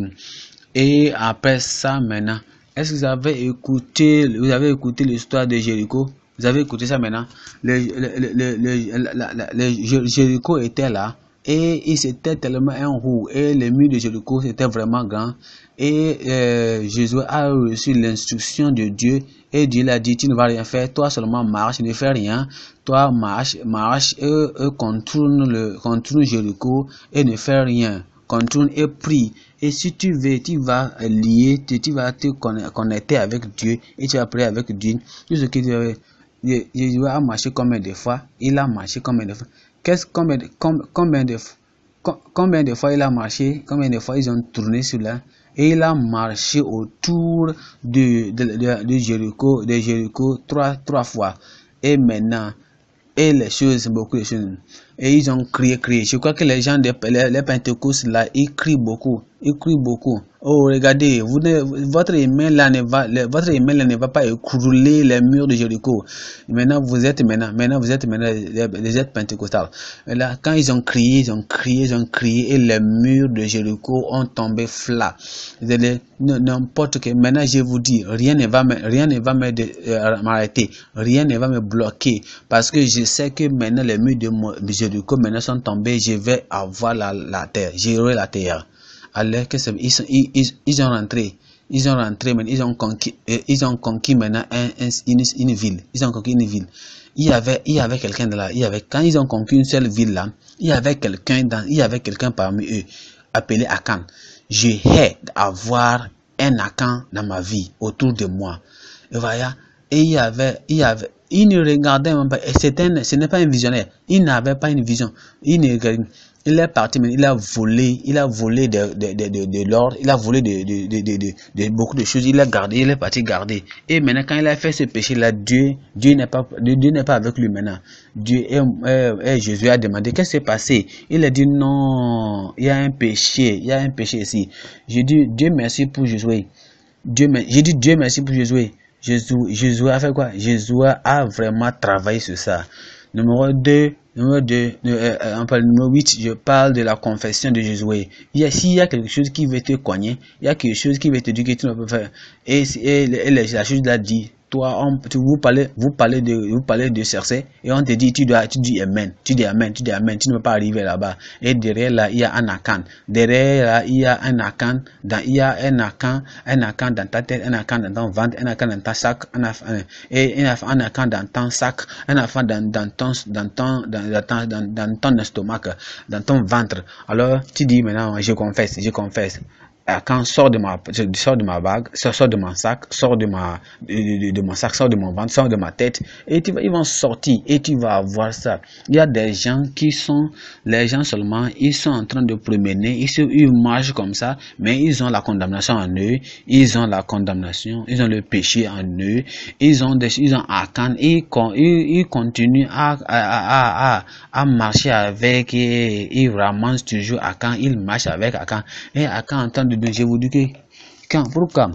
Et après ça, maintenant, est-ce que vous avez écouté, vous avez écouté l'histoire de Jéricho? Vous avez écouté ça maintenant? Jéricho était là et il s'était tellement un roux et les murs de Jéricho c'était vraiment grand et euh, Jésus a reçu l'instruction de Dieu et Dieu l'a dit, tu ne vas rien faire, toi seulement marche, ne fais rien, toi marche, marche, eux, eux contourne le, contourne Jéricho et ne fais rien, contourne et prie. Et si tu veux, tu vas lier, tu, vas te connecter avec Dieu et tu vas prier avec Dieu. Jésus a marché combien de fois, il a marché combien de fois, quest combien, combien, combien de fois, combien de fois il a marché, combien de fois ils ont tourné sur la, et il a marché autour de, de, de, Jéricho, de Jéricho trois, trois fois. Et maintenant, et les choses, beaucoup de choses. Et ils ont crié, crié. Je crois que les gens de les, là, ils crient beaucoup. Ils crient beaucoup. Oh, regardez, votre email ne va, votre email ne va pas écrouler les murs de Jéricho. Maintenant, vous êtes maintenant, maintenant vous êtes maintenant les, êtres là, quand ils ont crié, ils ont crié, ils ont crié, et les murs de Jéricho ont tombé flat. N'importe que. Maintenant, je vous dis, rien ne va, rien ne va euh, m'arrêter, rien ne va me bloquer, parce que je sais que maintenant les murs de Jéricho maintenant sont tombés. Je vais avoir la, terre, J'irai la terre allaient, que ils, ils, ils, ils, ont rentré, ils ont rentré, mais ils ont conquis, euh, ils ont conquis maintenant une, une, ville. Ils ont conquis une ville. Il y avait, il y avait quelqu'un de là. Il y avait, quand ils ont conquis une seule ville là, il y avait quelqu'un dans, il y avait quelqu'un parmi eux appelé Akan. Je hais d'avoir un Akan dans ma vie, autour de moi. Et voilà. Et il y avait, il y avait, il ne regardait pas. Et un, ce n'est pas un visionnaire. Il n'avait pas une vision. Il ne, il est parti, mais il a volé, il a volé de, l'ordre, il a volé de, beaucoup de choses, il a gardé, il est parti garder. Et maintenant, quand il a fait ce péché-là, Dieu, Dieu n'est pas, n'est pas avec lui maintenant. Dieu et, Jésus a demandé qu'est-ce qui s'est passé. Il a dit non, il y a un péché, il y a un péché ici. J'ai dit Dieu merci pour Jésus. Dieu, j'ai dit Dieu merci pour Jésus, Jésus a fait quoi Jésus a vraiment travaillé sur ça. Numéro 2, Numéro 2, euh, euh, numéro 8, je parle de la confession de Josué. S'il y a quelque chose qui veut te cogner, il y a quelque chose qui veut te dire que tu ne peux pas faire. Et, et la chose l'a dit, toi, on, vous parlez, vous parlez de, vous parlez de Cersei et on te dit, tu dois, tu dis Amen, tu dis Amen, tu dis Amen, tu ne peux pas arriver là-bas. Et derrière là, il y a un Akan. Derrière là, il y a un Akan, dans, il y a un Akan, un Akan dans ta tête, un Akan dans ton ventre, un Akan dans ta sac, un, arcane et dans ton sac, un Akan dans, dans ton, dans ton, dans, dans ton estomac, dans ton ventre. Alors, tu dis maintenant, je confesse, je confesse. Euh, quand sort de ma sort de ma bague, sort de mon sac, sort de ma de, de, mon sac, sort de mon ventre, sort de ma tête, et tu ils vont sortir et tu vas voir ça. Il y a des gens qui sont les gens seulement, ils sont en train de promener, ils, se, marchent comme ça, mais ils ont la condamnation en eux, ils ont la condamnation, ils ont le péché en eux, ils ont des ils ont Akan, ils, ils, ils continuent à, à, à, à, marcher avec et ils ramassent toujours quand ils marchent avec quand et quand en train de je vous dis que quand, pourquoi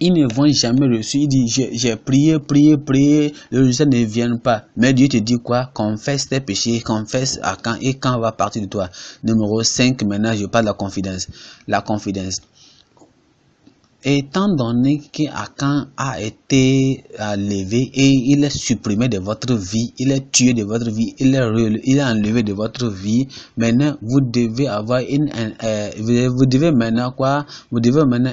ils ne vont jamais reçu. Il dit, j'ai prié, prié, prié, le résultat ne vient pas. Mais Dieu te dit quoi Confesse tes péchés, confesse à quand et quand va partir de toi. Numéro 5, maintenant, je parle de la confidence. La confidence étant donné qu'Akan a été enlevé euh, et il est supprimé de votre vie, il est tué de votre vie, il est, il est enlevé de votre vie, maintenant vous devez avoir une, euh, euh, vous devez maintenant quoi, vous devez maintenant,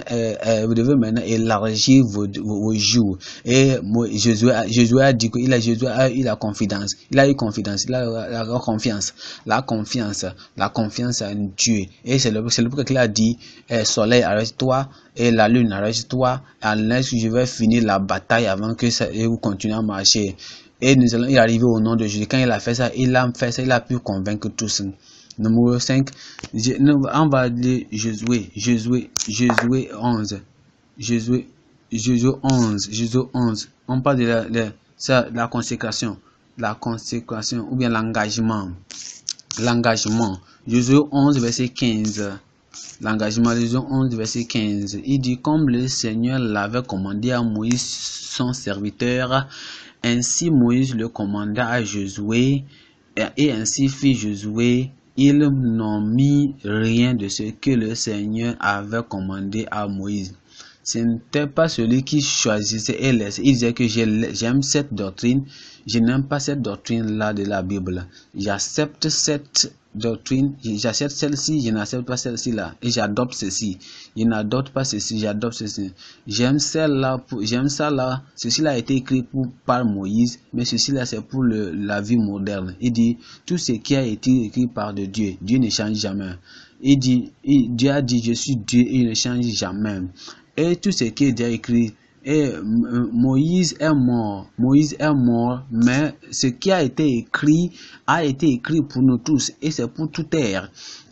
vous devez maintenant élargir vos, vos, jours. Et Jésus a, dit qu'il a, eu la confiance, il a eu confiance, il a la, la confiance, la confiance, la confiance en Dieu. Et c'est le, c'est le qu'il a dit, soleil, arrête-toi et la lune arrête-toi, à l'est je vais finir la bataille avant que ça, et vous continuez à marcher. Et nous allons y arriver au nom de Jésus. Quand il a fait ça, il a fait ça, il a pu convaincre tous. Numéro 5, je, on va lire Jésus. Jésus Josué 11. Jésus Josué 11, Jésus 11. On parle de la, la consécration, la consécration ou bien l'engagement. L'engagement. Jésus 11, verset 15. L'engagement, Lévitique 11, verset 15. Il dit, comme le Seigneur l'avait commandé à Moïse, son serviteur, ainsi Moïse le commanda à Josué, et ainsi fit Josué. il n'en mis rien de ce que le Seigneur avait commandé à Moïse. Ce n'était pas celui qui choisissait et Il disait que j'aime cette doctrine, je n'aime pas cette doctrine-là de la Bible. J'accepte cette doctrine, j'accepte celle-ci, je n'accepte pas celle-ci-là, et j'adopte ceci, je n'adopte pas ceci, j'adopte ceci. J'aime celle-là, j'aime ça là, ceci-là a été écrit pour, par Moïse, mais ceci-là c'est pour la vie moderne. Il dit, tout ce qui a été écrit par de Dieu, Dieu ne change jamais. Il dit, Dieu a dit, je suis Dieu, il ne change jamais. Et tout ce qui est déjà écrit, et euh, Moïse est mort, Moïse est mort, mais ce qui a été écrit a été écrit pour nous tous et c'est pour toute terre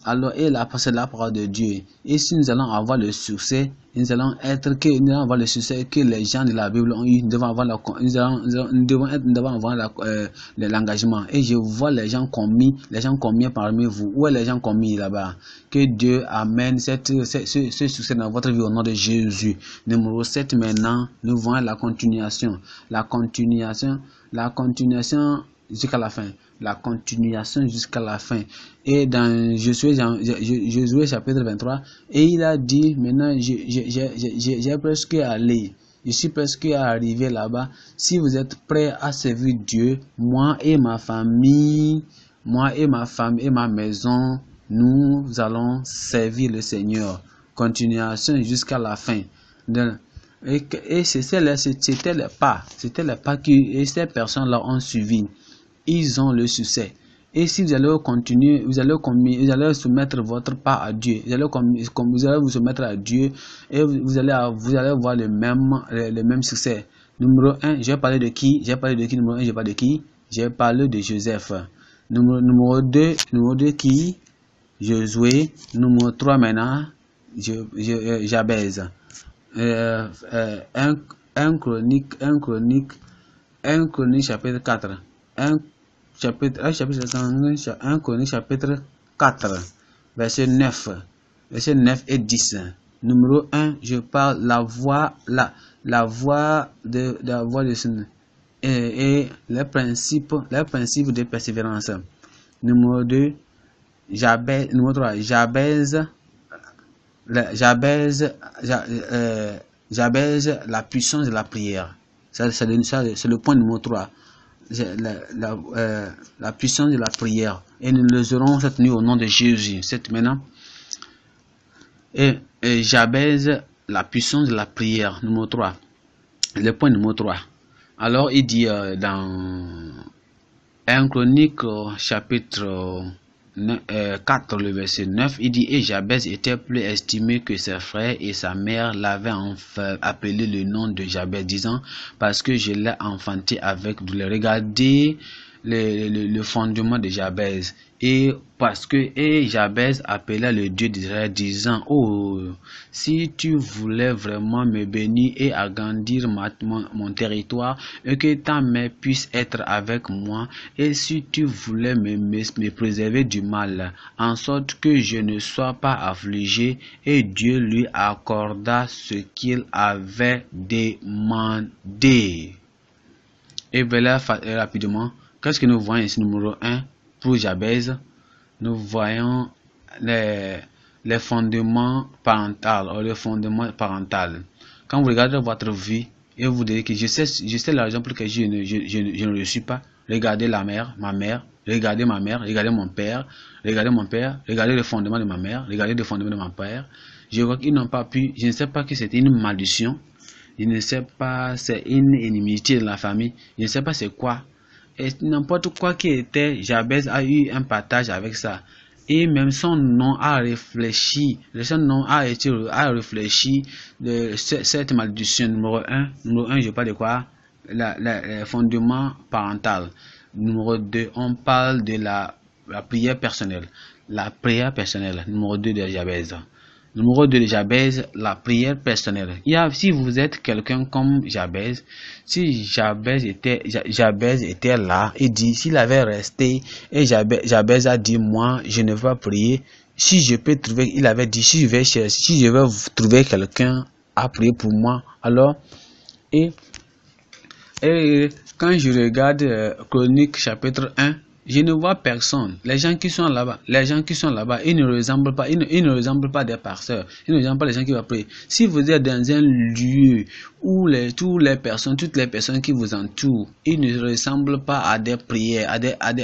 alors c'est la parole de Dieu. Et si nous allons avoir le succès, nous allons être que nous allons avoir le succès que les gens de la Bible ont eu. Nous avoir la, nous, allons, euh, l'engagement. Et je vois les gens commis, les gens commis parmi vous. Où est les gens commis là-bas? Que Dieu amène cette, ce, ce, succès dans votre vie au nom de Jésus. Numéro 7 maintenant, nous voyons la continuation. La continuation, la continuation jusqu'à la fin la continuation jusqu'à la fin. Et dans Josué, Josué chapitre 23, et il a dit, maintenant j'ai presque allé, je suis presque arrivé là-bas. Si vous êtes prêts à servir Dieu, moi et ma famille, moi et ma femme et ma maison, nous allons servir le Seigneur. Continuation jusqu'à la fin. et, et c'était le pas, c'était le pas que ces personnes-là ont suivi ils ont le succès. Et si vous allez continuer, vous allez, vous allez soumettre votre part à Dieu. Vous allez, vous allez vous soumettre à Dieu et vous allez, vous allez avoir le même, le même succès. Numéro 1, j'ai parlé de qui J'ai parlé de qui Numéro 1, j'ai parlé de qui J'ai parlé de Joseph. Numéro, 2, numéro 2 qui jouais Numéro 3 maintenant, je euh, euh, euh, chronique, un chronique, un chronique chapitre 4. un chapitre, 1, chapitre, 1 chapitre 4, verset 9, verset 9 et 10. Numéro 1, je parle la voix, la, la voix de, la voix de et, le les principes, de persévérance. Numéro 2, jabez numéro 3, j'abaise euh, la puissance de la prière. C'est le point numéro 3. Euh, la, puissance de la prière. Et nous les aurons cette nuit au nom de Jésus. Cette maintenant. Et, et la puissance de la prière. Numéro 3. Le point numéro 3. Alors il dit euh, dans un Chronique euh, chapitre 4, euh, le verset 9, il dit Et Jabez était plus estimé que ses frères, et sa mère l'avait appelé le nom de Jabez, disant Parce que je l'ai enfanté avec douleur. Regardez le, fondement de Jabez. Et parce que et Jabez appela le Dieu d'Israël disant, Oh, si tu voulais vraiment me bénir et agrandir mon, territoire, et que ta main puisse être avec moi, et si tu voulais me, me, me préserver du mal, en sorte que je ne sois pas affligé, et Dieu lui accorda ce qu'il avait demandé. Et voilà euh, rapidement Qu'est-ce que nous voyons ici numéro 1 pour Jabez Nous voyons les, les fondements parentaux, oh, les fondements Quand vous regardez votre vie et vous dites que je sais, je sais l'argent pour que je ne, je, je, ne reçois pas, regardez la mère, ma mère, regardez ma mère, regardez mon père, regardez mon père, regardez le fondement de ma mère, regardez le fondement de mon père. Je vois qu'ils n'ont pas pu, je ne sais pas que c'était une malédiction, je ne sais pas, c'est une inimitié de la famille, je ne sais pas c'est quoi, et n'importe quoi qui était Jabez a eu un partage avec ça. Et même son nom a réfléchi, son nom a, a réfléchi de cette malédiction numéro 1. Numéro 1, je parle de quoi Le fondement parental. Numéro 2, on parle de la, la prière personnelle. La prière personnelle, numéro 2 de Jabez. Numéro de Jabez, la prière personnelle. Il y a, si vous êtes quelqu'un comme Jabez, si Jabez était, Jabez était là et dit, s'il avait resté et Jabez, a dit, moi, je ne vais pas prier, si je peux trouver, il avait dit, si je vais chercher, si je vais trouver quelqu'un à prier pour moi, alors, et, et quand je regarde euh, Chronique chapitre 1, je ne vois personne. Les gens qui sont là-bas, les gens qui sont là-bas, ils ne ressemblent pas, ils ne, ressemblent pas des pasteurs. Ils ne ressemblent pas les gens qui vont prier. Si vous êtes dans un lieu où les, toutes les personnes, toutes les personnes qui vous entourent, ils ne ressemblent pas à des prières, à des, à des,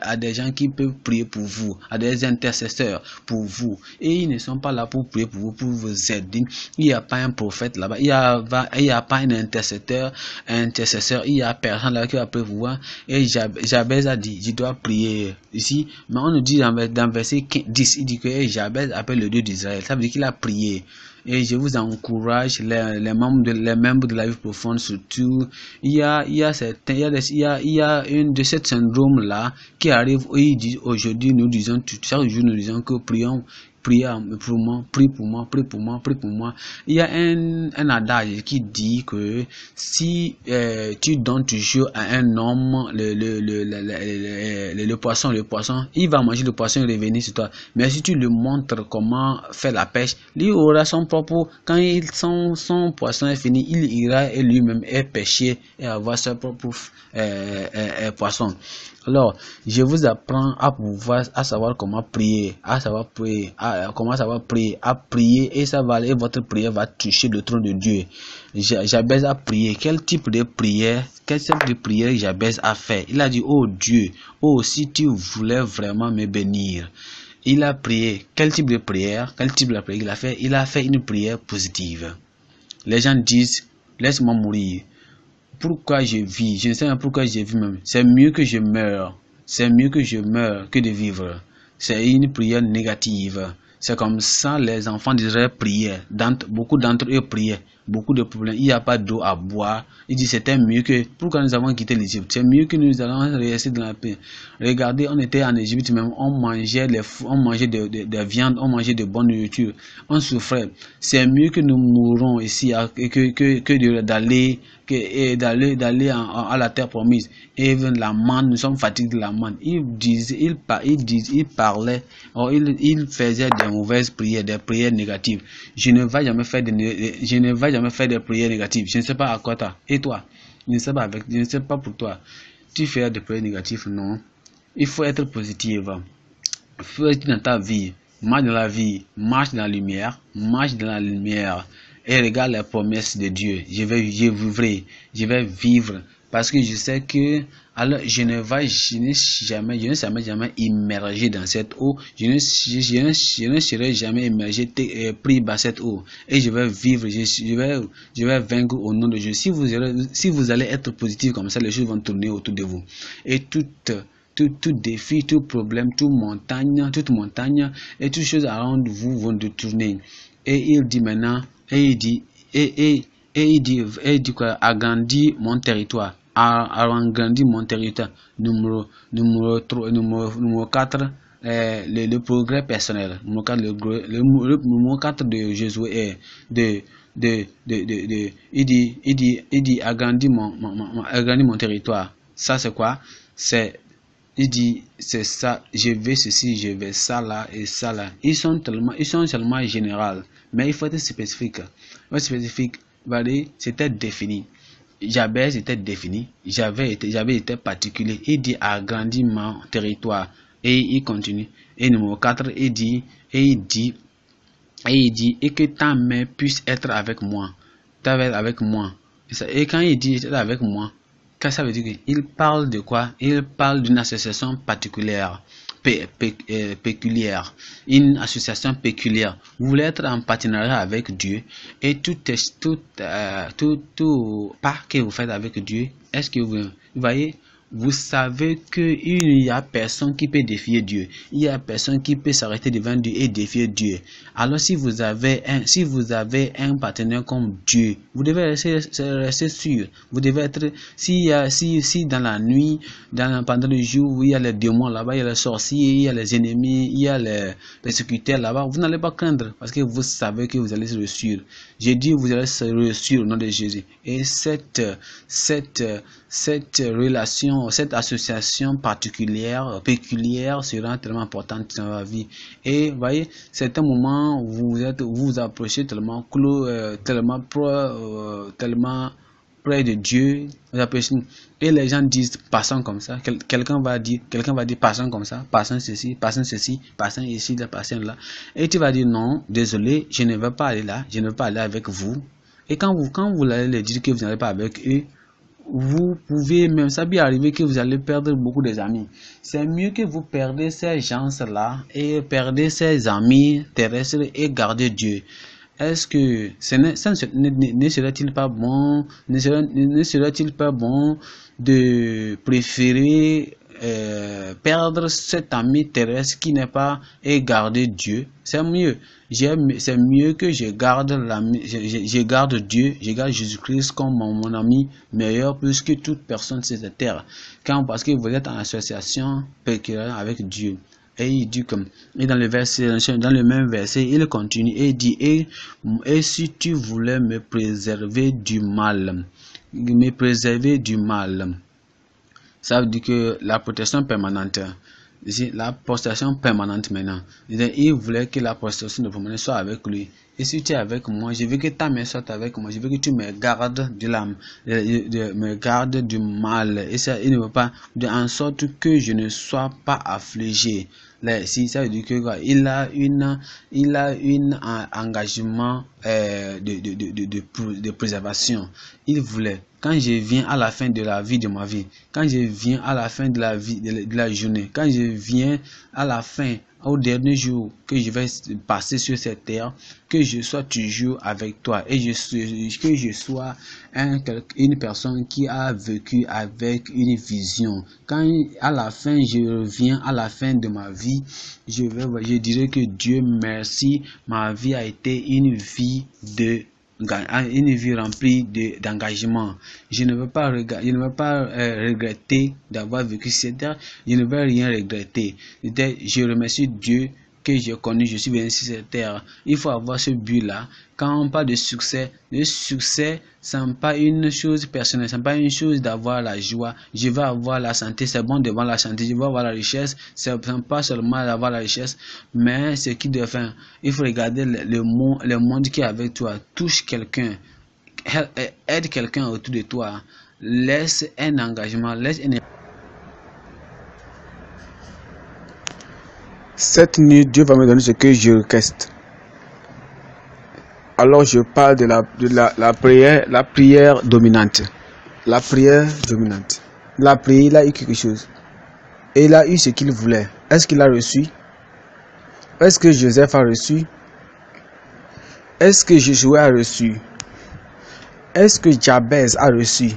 à des, gens qui peuvent prier pour vous, à des intercesseurs pour vous. Et ils ne sont pas là pour prier pour vous, pour vous aider. Il n'y a pas un prophète là-bas, il n'y a, a, pas un intercesseur, intercesseur, il n'y a personne là qui va prier pour vous. Et Jabez a dit, je dois prier ici. Mais on nous dit dans, dans verset 10, il dit que Jabez appelle le Dieu d'Israël. Ça veut dire qu'il a prié. Et je vous encourage, les, les membres, de, les membres de la vie profonde surtout, il y a, il y a, certains, il y a, il y a, une de ces syndromes-là qui arrive aujourd'hui nous disons, chaque jour nous disons que prions Prie pour moi, prie pour moi, prie pour moi, prie pour moi. Il y a un, un adage qui dit que si euh, tu donnes toujours à un homme le, le, le, le, le poisson, le poisson, il va manger le poisson et revenir sur toi. Mais si tu lui montres comment faire la pêche, lui aura son propre. Quand il, son, son poisson est fini, il ira et lui-même est pêcher et avoir son propre euh, euh, poisson. Alors, je vous apprends à pouvoir, à savoir comment prier, à savoir prier, à, comment savoir prier, à prier et ça va aller, votre prière va toucher le trône de Dieu. Jabez a prié. Quel type de prière, quel type de prière Jabez a fait? Il a dit, oh Dieu, oh si tu voulais vraiment me bénir. Il a prié. Quel type de prière? Quel type de prière il a fait? Il a fait une prière positive. Les gens disent, laisse-moi mourir pourquoi je vis, je ne sais pas pourquoi je vis même. C'est mieux que je meure, c'est mieux que je meure que de vivre. C'est une prière négative. C'est comme ça les enfants d'Israël priaient. beaucoup d'entre eux priaient. Beaucoup de problèmes. Il n'y a pas d'eau à boire. Ils disent c'était mieux que. Pourquoi nous avons quitté l'Égypte C'est mieux que nous allons rester dans la paix. Regardez, on était en Égypte même. On mangeait, les, on mangeait de, viande, on mangeait de bonnes nourriture. On souffrait. C'est mieux que nous mourons ici que, que, que d'aller et d'aller d'aller à la terre promise. Et la manne, nous sommes fatigués de la manne. ils disent il, il, ils il parlait, or il, il, faisait des mauvaises prières, des prières négatives. Je ne vais jamais faire je ne vais jamais faire des prières négatives. Je ne sais pas à quoi t'as. Et toi, je ne sais pas avec, je ne sais pas pour toi. Tu fais des prières négatives, non. Il faut être positive. Il faut être dans ta vie. Marche dans la vie, marche dans la lumière, marche dans la lumière et regarde la promesse de Dieu. Je vais, vivre je vais vivre parce que je sais que alors je ne vais jamais je ne serai jamais immergé dans cette eau je ne serai jamais immergé euh, pris par cette eau et je vais vivre je, vais vaincre au nom de Dieu si vous allez être positif comme ça les choses vont tourner autour de vous et tout, défi, tout problème, toute montagne, toute montagne et toutes choses autour de vous vont tourner Et il dit maintenant, et il dit, et, et, et il dit, il quoi, agrandis mon territoire, agrandis mon territoire. Numéro, numéro, 3, numéro, numéro 4, euh, le, progrès personnel. Numéro 4, le, le, numéro 4 de Jésus est de, de, de, de, il dit, il dit, agrandis mon, mon, territoire. Ça, c'est quoi? C'est il dit c'est ça, je vais ceci, je vais ça là et ça là. Ils sont tellement, ils sont tellement généraux. Mais il faut être spécifique. mais spécifique, c'était défini. J'avais était défini. J'avais été, j'avais été particulier. Il dit agrandi mon territoire. Et il continue. Et numéro 4, il dit, et il dit, et il dit, et que ta main puisse être avec moi. avec moi. Et quand il dit, être avec moi, qu'est-ce que ça veut dire? Il parle de quoi? Il parle d'une association particulière. Euh, une association péculière. Vous voulez être en partenariat avec Dieu et tout, est tout, euh, tout, tout pas que vous faites avec Dieu, est-ce que vous voyez, vous savez qu'il n'y a personne qui peut défier Dieu. Il n'y a personne qui peut s'arrêter devant Dieu et défier Dieu. Alors si vous avez un, si vous avez un partenaire comme Dieu, vous devez rester, sûr. Vous devez être, si, si, si dans la nuit, dans, pendant le jour, il y a les démons là-bas, il y a les sorciers, il y a les ennemis, il y a les persécuteurs là-bas, vous n'allez pas craindre parce que vous savez que vous allez être sûr. J'ai dit, vous allez se reçu au nom de Jésus. Et cette, relation, cette association particulière, péculière, sera tellement importante dans la vie. Et voyez, c'est un moment où vous êtes, vous, approchez tellement clos, euh, tellement pro, euh, tellement de Dieu. Et les gens disent passant comme ça. Quelqu'un va dire, quelqu'un va dire passant comme ça, passant ceci, passant ceci, passant ici, passant là. Et tu vas dire non, désolé, je ne veux pas aller là, je ne vais pas aller avec vous. Et quand vous, quand vous allez leur dire que vous n'allez pas avec eux, vous pouvez même, ça bien arriver que vous allez perdre beaucoup des amis. C'est mieux que vous perdez ces gens-là et perdez ces amis terrestres et gardez Dieu. Est-ce que ça ne, ne serait-il pas bon, ne serait-il pas bon de préférer euh, perdre cet ami terrestre qui n'est pas et garder Dieu, c'est mieux. C'est mieux que je garde, je, garde Dieu, je garde Jésus-Christ comme mon, ami meilleur plus que toute personne sur cette terre. Quand, parce que vous êtes en association avec Dieu. Et comme, et dans le même verset, il continue et dit, et, si tu voulais me préserver du mal, me préserver du mal, ça veut dire que la protection permanente, la protection permanente maintenant. Il voulait que la protection de soit avec lui. Et si tu es avec moi, je veux que ta main soit avec moi. Je veux que tu me gardes de l'âme, me gardes du mal. Et ça, il ne veut pas, de, en sorte que je ne sois pas affligé si ça veut dire que quoi, il a une, il a une, un euh, engagement euh, de, de, de, de, de préservation. Il voulait quand je viens à la fin de la vie de ma vie, quand je viens à la fin de la vie de la journée, quand je viens à la fin au dernier jour que je vais passer sur cette terre, que je sois toujours avec toi et je, que je sois un, une personne qui a vécu avec une vision. Quand à la fin, je reviens à la fin de ma vie, je, vais, je dirais que Dieu merci, ma vie a été une vie de une vie remplie de, d'engagement. Je ne veux pas, je ne pas euh, regretter d'avoir vécu cette Je ne veux rien regretter. Je remercie Dieu que j'ai connu, je suis venu sur cette terre. Il faut avoir ce but-là. Quand on parle de succès, le succès, ce pas une chose personnelle, ce pas une chose d'avoir la joie. Je vais avoir la santé, c'est bon de voir la santé, je vais avoir la richesse. c'est pas seulement d'avoir la richesse, mais ce qui de faire. Il faut regarder le, monde, le monde qui est avec toi. Touche quelqu'un, aide quelqu'un autour de toi. Laisse un engagement, laisse une... Cette nuit, Dieu va me donner ce que je requeste. Alors je parle de la, prière, la prière dominante. La prière dominante. La prière, il a eu quelque chose. Et il a eu ce qu'il voulait. Est-ce qu'il a reçu Est-ce que Joseph a reçu Est-ce que Jésus a reçu Est-ce que Jabez a reçu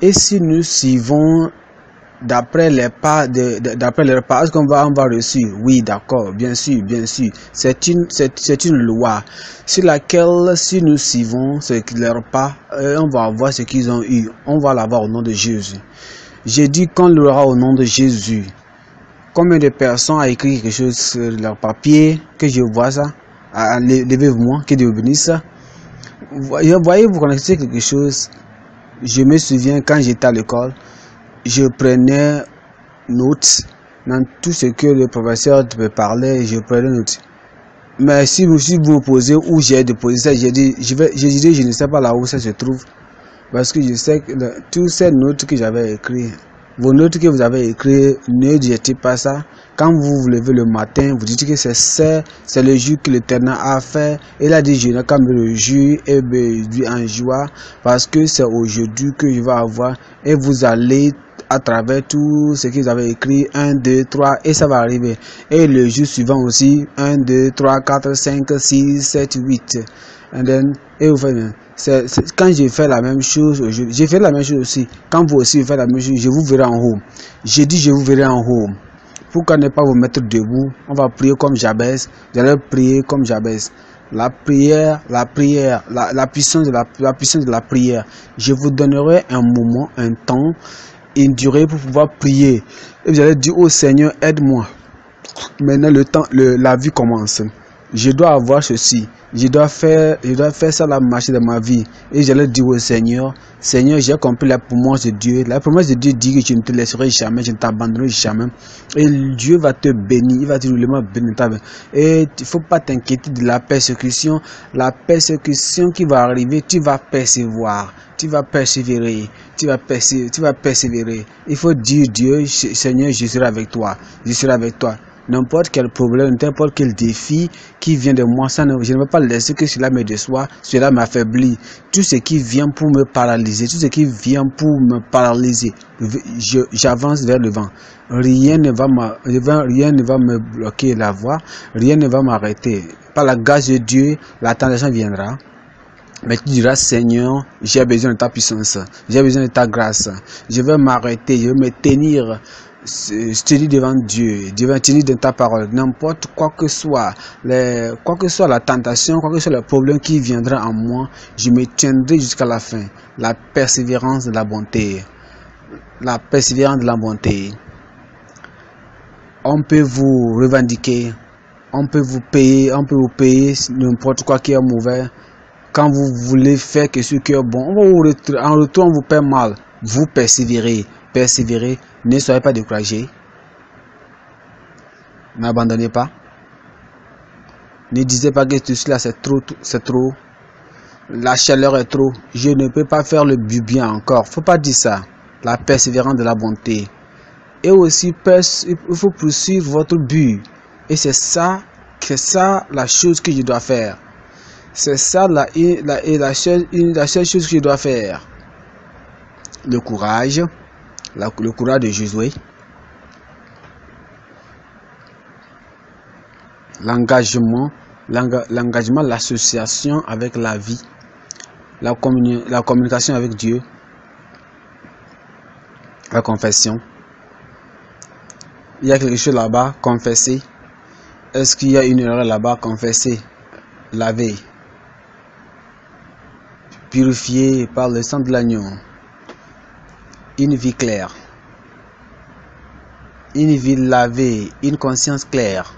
Et si nous suivons d'après les pas d'après les pas est-ce qu'on va on va reçu oui d'accord bien sûr bien sûr c'est une c'est, une loi sur laquelle si nous suivons ce leur pas euh, on va avoir ce qu'ils ont eu on va l'avoir au nom de Jésus j'ai dit qu'on l'aura au nom de Jésus combien de personnes a écrit quelque chose sur leur papier que je vois ça ah, ah, levez-moi que Dieu bénisse voyez vous connaissez quelque chose je me souviens quand j'étais à l'école je prenais notes dans tout ce que le professeur me parlait, je prenais notes Mais si vous, vous posez où j'ai déposé ça, j'ai dit, je vais, je, je ne sais pas là où ça se trouve. Parce que je sais que toutes ces notes que j'avais écrites, vos notes que vous avez écrites, ne jetez pas ça. Quand vous vous levez le matin, vous dites que c'est ça, c'est le jus que l'éternel a fait. et là, dit, je n'ai le jus et me en joie parce que c'est aujourd'hui que je vais avoir. Et vous allez à travers tout ce qu'ils avaient écrit 1, 2, 3 et ça va arriver. Et le jour suivant aussi 1, 2, 3, 4, 5, 6, 7, 8. et vous faites quand j'ai fait la même chose, j'ai fait la même chose aussi. Quand vous aussi faites la même chose, je vous verrai en haut. J'ai dit, je vous verrai en haut. Pourquoi ne pas vous mettre debout On va prier comme Jabez. Vous prier comme Jabez. La prière, la prière, la, puissance de la puissance de la prière. Je vous donnerai un moment, un temps durée pour pouvoir prier. Et vous allez dire, au oh Seigneur, aide-moi. Maintenant, le temps, la vie commence je dois avoir ceci, je dois faire, je dois faire ça la marche de ma vie. Et je j'allais dire au Seigneur, Seigneur, j'ai compris la promesse de Dieu. La promesse de Dieu dit que je ne te laisserai jamais, je ne t'abandonnerai jamais. Et Dieu va te bénir, il va te bénir. Et il ne faut pas t'inquiéter de la persécution. La persécution qui va arriver, tu vas percevoir, tu vas persévérer, tu vas, persévérer. Tu vas persévérer. Il faut dire Dieu, Seigneur, je serai avec toi, je serai avec toi n'importe quel problème, n'importe quel défi qui vient de moi, ça je ne veux pas laisser que cela me déçoit, cela m'affaiblit. Tout ce qui vient pour me paralyser, tout ce qui vient pour me paralyser, j'avance vers le vent. Rien ne, va rien ne va me bloquer la voie, rien ne va m'arrêter. Par la grâce de Dieu, la tentation viendra. Mais tu diras, Seigneur, j'ai besoin de ta puissance, j'ai besoin de ta grâce, je vais m'arrêter, je vais me tenir je te devant Dieu, devant te dire dans ta parole, n'importe quoi que soit, quoi que soit la tentation, quoi que soit le problème qui viendra en moi, je me tiendrai jusqu'à la fin. La persévérance de la bonté. La persévérance de la bonté. On peut vous revendiquer, on peut vous payer, on peut vous payer n'importe quoi qui est mauvais. Quand vous voulez faire que ce qui est bon, on en retour, on vous paie mal. Vous persévérez, persévérez, ne soyez pas découragé. N'abandonnez pas. Ne disez pas que tout cela c'est trop, c'est trop. La chaleur est trop. Je ne peux pas faire le but bien encore. Faut pas dire ça. La persévérance de la bonté. Et aussi, il faut poursuivre votre but. Et c'est ça, c'est ça la chose que je dois faire. C'est ça la, seule, la seule chose que je dois faire. Le courage le courage de Jésus l'engagement, l'engagement, l'association avec la vie, la, la communication avec Dieu, la confession. Il y a quelque chose là-bas, confesser. Est-ce qu'il y a une erreur là-bas, confesser, laver, purifier par le sang de l'agneau une vie claire, une vie lavée, une conscience claire.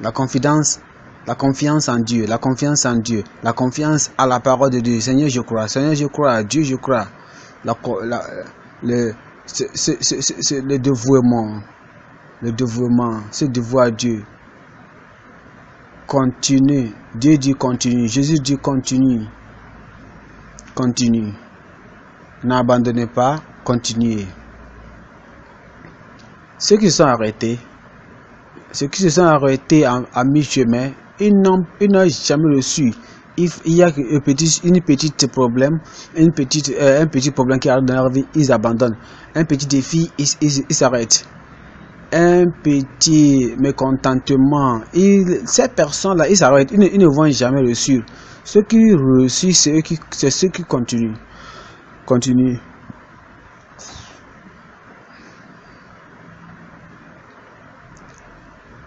La confiance, la confiance en Dieu, la confiance en Dieu, la confiance à la parole de Dieu. Seigneur, je crois. Seigneur, je crois. Dieu, je crois. le, dévouement, le dévouement, ce devoir à Dieu. Continue. Dieu dit continue. Jésus dit continue. Continue n'abandonnez pas, continuez. Ceux qui sont arrêtés, ceux qui se sont arrêtés à, mi-chemin, ils n'ont jamais reçu. Il, y a petite, problème, euh, un petit problème qui arrive dans leur vie, ils abandonnent. Un petit défi, ils s'arrêtent un petit mécontentement. ces personnes-là, ils s'arrêtent, ils, ne vont jamais reçu. Ceux qui réussissent, c'est ceux qui continuent. Continue.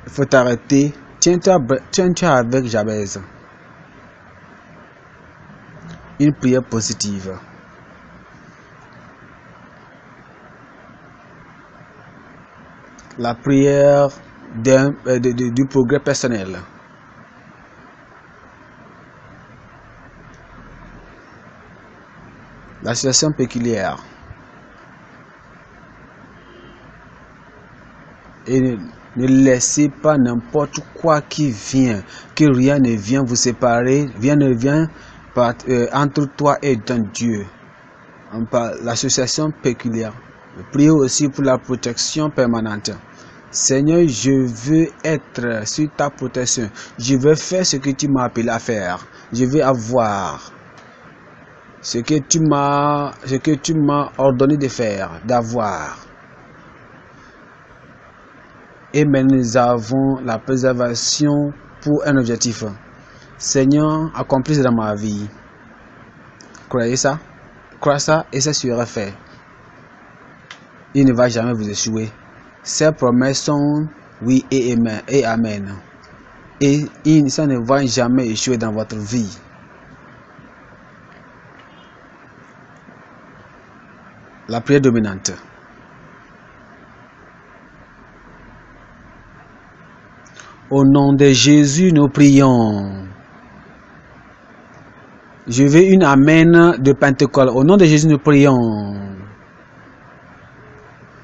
Il faut t'arrêter. Tiens-toi tiens avec Jabez. Une prière positive. La prière euh, du progrès personnel. La situation Et ne laissez pas n'importe quoi qui vient, que rien ne vient vous séparer, rien ne vient euh, entre toi et ton Dieu. L'association péculière Priez aussi pour la protection permanente. Seigneur, je veux être sur ta protection. Je veux faire ce que tu m'as appelé à faire. Je veux avoir ce que tu m'as, ce que tu m'as ordonné de faire, d'avoir. Et maintenant, nous avons la préservation pour un objectif. Seigneur, accomplis dans ma vie. Croyez ça, croyez ça et ça sera fait. Il ne va jamais vous échouer. Ses promesses sont oui et amen. Et, amen. et ça ne va jamais échouer dans votre vie. la prière dominante. Au nom de Jésus, nous prions. Je veux une amène de Pentecôte. Au nom de Jésus, nous prions.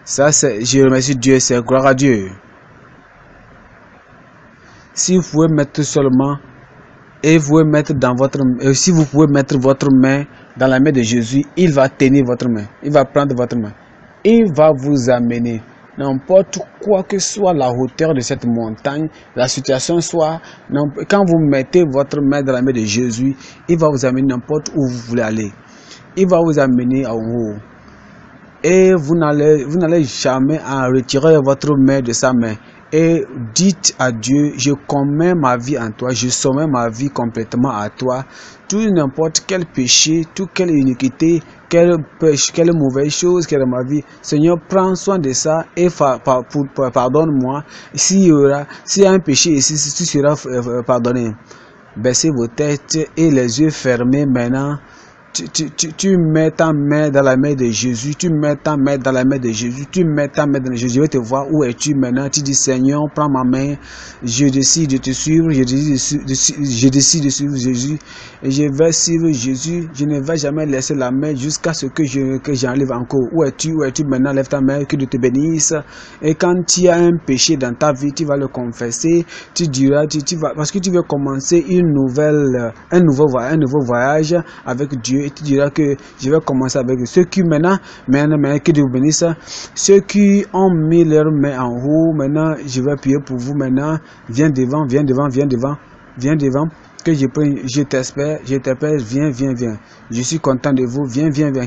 Ça, c'est je remercie Dieu, c'est gloire à Dieu. Si vous pouvez mettre seulement et vous mettre dans votre si vous pouvez mettre votre main dans la main de Jésus, il va tenir votre main, il va prendre votre main, il va vous amener n'importe quoi que soit la hauteur de cette montagne, la situation soit, quand vous mettez votre main dans la main de Jésus, il va vous amener n'importe où vous voulez aller. Il va vous amener en haut. Et vous n'allez jamais à retirer votre main de sa main et dites à Dieu, je commets ma vie en toi, je somme ma vie complètement à toi. Tout n'importe quel péché, toute quelle iniquité, quelle, quelle mauvaise chose, quelle ma vie, Seigneur, prends soin de ça et pardonne-moi. S'il y aura, a un péché ici, si tu seras euh, euh, pardonné. Baissez vos têtes et les yeux fermés maintenant tu, mets ta main dans la main de Jésus, tu mets ta main dans la main de Jésus, tu mets ta main dans la Jésus. Je vais te voir où es-tu maintenant. Tu dis Seigneur, prends ma main. Je décide de te suivre. Je décide de, suivre Jésus. Et je vais suivre Jésus. Je ne vais jamais laisser la main jusqu'à ce que je j'enlève encore. Où es-tu Où es-tu maintenant Lève ta main, que Dieu te bénisse. Et quand tu as un péché dans ta vie, tu vas le confesser. Tu diras, parce que tu veux commencer un nouveau un nouveau voyage avec Dieu et tu diras que je vais commencer avec ceux qui maintenant, maintenant, maintenant que Dieu vous bénisse, ceux qui ont mis leurs mains en haut, maintenant je vais prier pour vous, maintenant viens devant, viens devant, viens devant, viens devant que je, je t'espère, je t'appelle, viens, viens, viens. Je suis content de vous, viens, viens, viens.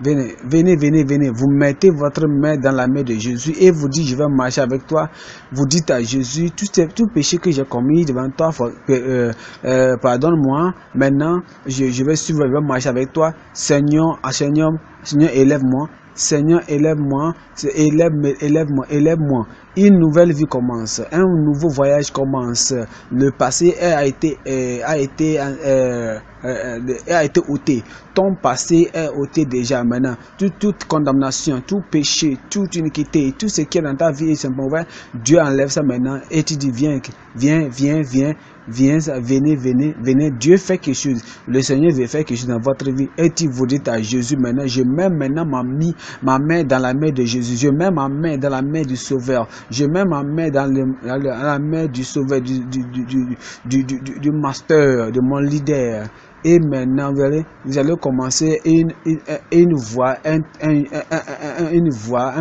Venez, venez, venez, venez. Vous mettez votre main dans la main de Jésus et vous dites, je vais marcher avec toi. Vous dites à Jésus, tout, tout péché que j'ai commis devant toi, euh, euh, pardonne-moi. Maintenant, je, vais suivre, je vais marcher avec toi. Seigneur, Seigneur, Seigneur, élève-moi. Seigneur, élève-moi, élève-moi, élève-moi, élève-moi. Une nouvelle vie commence, un nouveau voyage commence. Le passé a été, euh, a été, euh, euh, a été ôté. Ton passé est ôté déjà maintenant. Toute, condamnation, tout péché, toute iniquité, tout ce qui est dans ta vie est mauvais, Dieu enlève ça maintenant et tu dis viens, viens, viens, viens, Viens, venez, venez, venez. Dieu fait quelque chose. Le Seigneur veut faire quelque chose dans votre vie. Et tu vous dites à Jésus maintenant, je mets maintenant ma, main dans la main de Jésus. Je mets ma main dans la main du Sauveur. Je mets ma main dans, la main du Sauveur, du, du Master, de mon leader. Et maintenant, vous allez, commencer une, une, une voie, un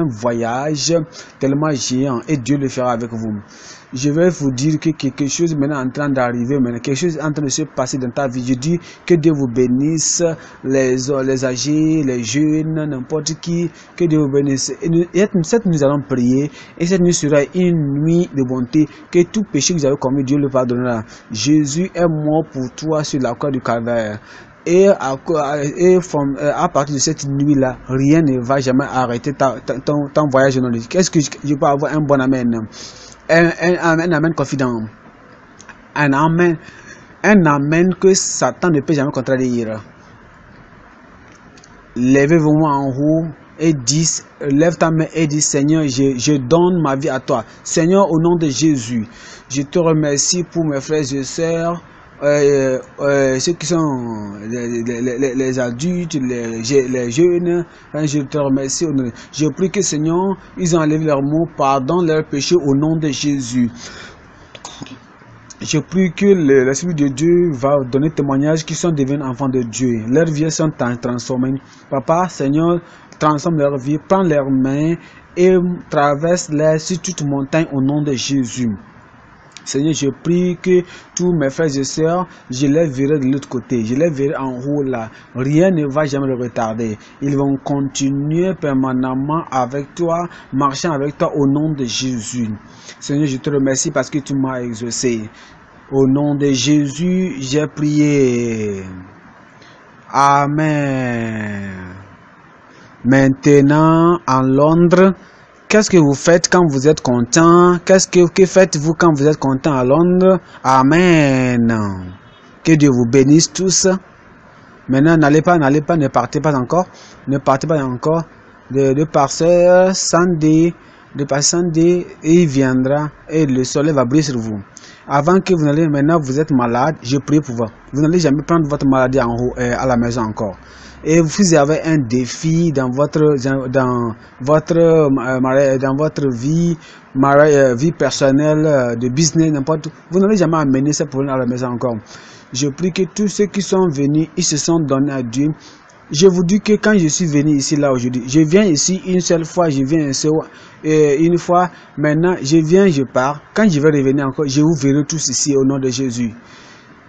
voyage tellement géant. Et Dieu le fera avec vous je vais vous dire que quelque chose maintenant est en train d'arriver, quelque chose est en train de se passer dans ta vie. Je dis que Dieu vous bénisse, les, les âgés, les jeunes, n'importe qui, que Dieu vous bénisse. Et, nous, cette nuit, nous allons prier et cette nuit sera une nuit de bonté, que tout péché que vous avez commis, Dieu le pardonnera. Jésus est mort pour toi sur la croix du calvaire. Et, à, euh, partir de cette nuit-là, rien ne va jamais arrêter ton, voyage dans est ce que je, je peux avoir un bon amen? un un amène confident. un amène, un que Satan ne peut jamais contredire, Levez-vous en haut et dis, lève ta main et dis, Seigneur, je, je, donne ma vie à toi. Seigneur, au nom de Jésus, je te remercie pour mes frères et sœurs euh, euh, ceux qui sont les, adultes, les, jeunes, hein, je te remercie. Je prie que Seigneur, ils enlèvent leurs mots, pardon leurs péchés au nom de Jésus. Je prie que l'Esprit de Dieu va donner témoignage qu'ils sont devenus enfants de Dieu. Leurs vies sont transformées. Papa, Seigneur, transforme leur vie, prends leurs mains et traverse-les sur toute montagne au nom de Jésus. Seigneur, je prie que tous mes frères et sœurs, je les verrai de l'autre côté. Je les verrai en haut là. Rien ne va jamais le retarder. Ils vont continuer permanemment avec toi, marchant avec toi au nom de Jésus. Seigneur, je te remercie parce que tu m'as exaucé. Au nom de Jésus, j'ai prié. Amen. Maintenant, en Londres, Qu'est-ce que vous faites quand vous êtes content Qu'est-ce que, que faites-vous quand vous êtes content à Londres Amen. Que Dieu vous bénisse tous. Maintenant, n'allez pas, n'allez pas, ne partez pas encore. Ne partez pas encore. de par samedi, de le samedi, Sandy, il viendra et le soleil va briller sur vous. Avant que vous n'allez, maintenant vous êtes malade, je prie pour vous. Vous n'allez jamais prendre votre maladie en haut, et euh, à la maison encore et vous avez un défi dans votre dans votre euh, dans votre vie euh, vie personnelle euh, de business n'importe vous n'allez jamais amener ce problème à la maison encore je prie que tous ceux qui sont venus ils se sont donnés à Dieu je vous dis que quand je suis venu ici là aujourd'hui, je viens ici une seule fois, je viens ici une fois, maintenant je viens, je pars. Quand je vais revenir encore, je vous verrai tous ici au nom de Jésus.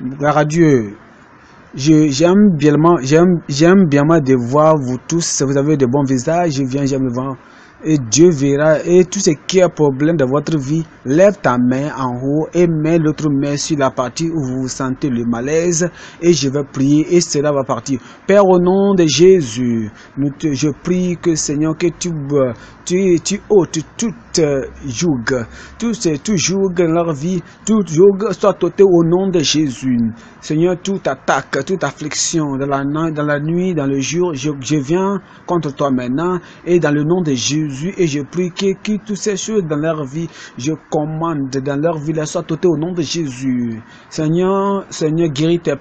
Gloire à Dieu j'aime bien, j'aime j'aime bien de voir vous tous. Vous avez de bons visages. Je viens jamais voir. Et Dieu verra. Et tout ce qui est problème de votre vie, lève ta main en haut et mets l'autre main sur la partie où vous sentez le malaise. Et je vais prier et cela va partir. Père, au nom de Jésus, je prie que Seigneur, que tu, tu, tu ôtes tout euh, joug. tout c'est tout joug leur vie, tout joug soit ôté au nom de Jésus. Seigneur, toute attaque, toute affliction dans la, dans la nuit, dans le jour, je, viens contre toi maintenant et dans le nom de Jésus et je prie que, toutes ces choses dans leur vie, je commande dans leur vie, elles soient au nom de Jésus. Seigneur, Seigneur, guéris ton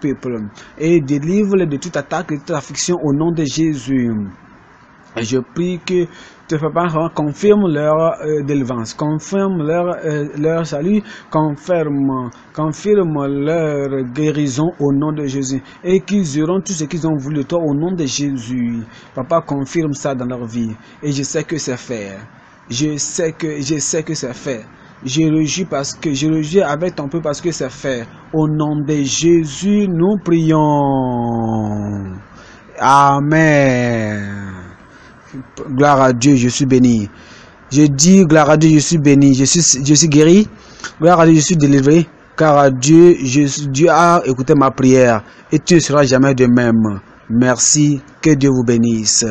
peuple et délivre-les de toute attaque et de toute affliction au nom de Jésus. Et je prie que Papa confirme leur euh, délivrance, confirme leur, euh, leur salut, confirme, confirme leur guérison au nom de Jésus. Et qu'ils auront tout ce qu'ils ont voulu de toi au nom de Jésus. Papa, confirme ça dans leur vie. Et je sais que c'est fait. Je sais que, je sais que c'est fait. Je le parce que je le avec ton peu parce que c'est fait. Au nom de Jésus, nous prions. Amen. Gloire à Dieu, je suis béni. Je dis, gloire à Dieu, je suis béni. Je suis, je suis guéri. Gloire à Dieu, je suis délivré. Car Dieu, je, Dieu a écouté ma prière. Et tu ne seras jamais de même. Merci. Que Dieu vous bénisse.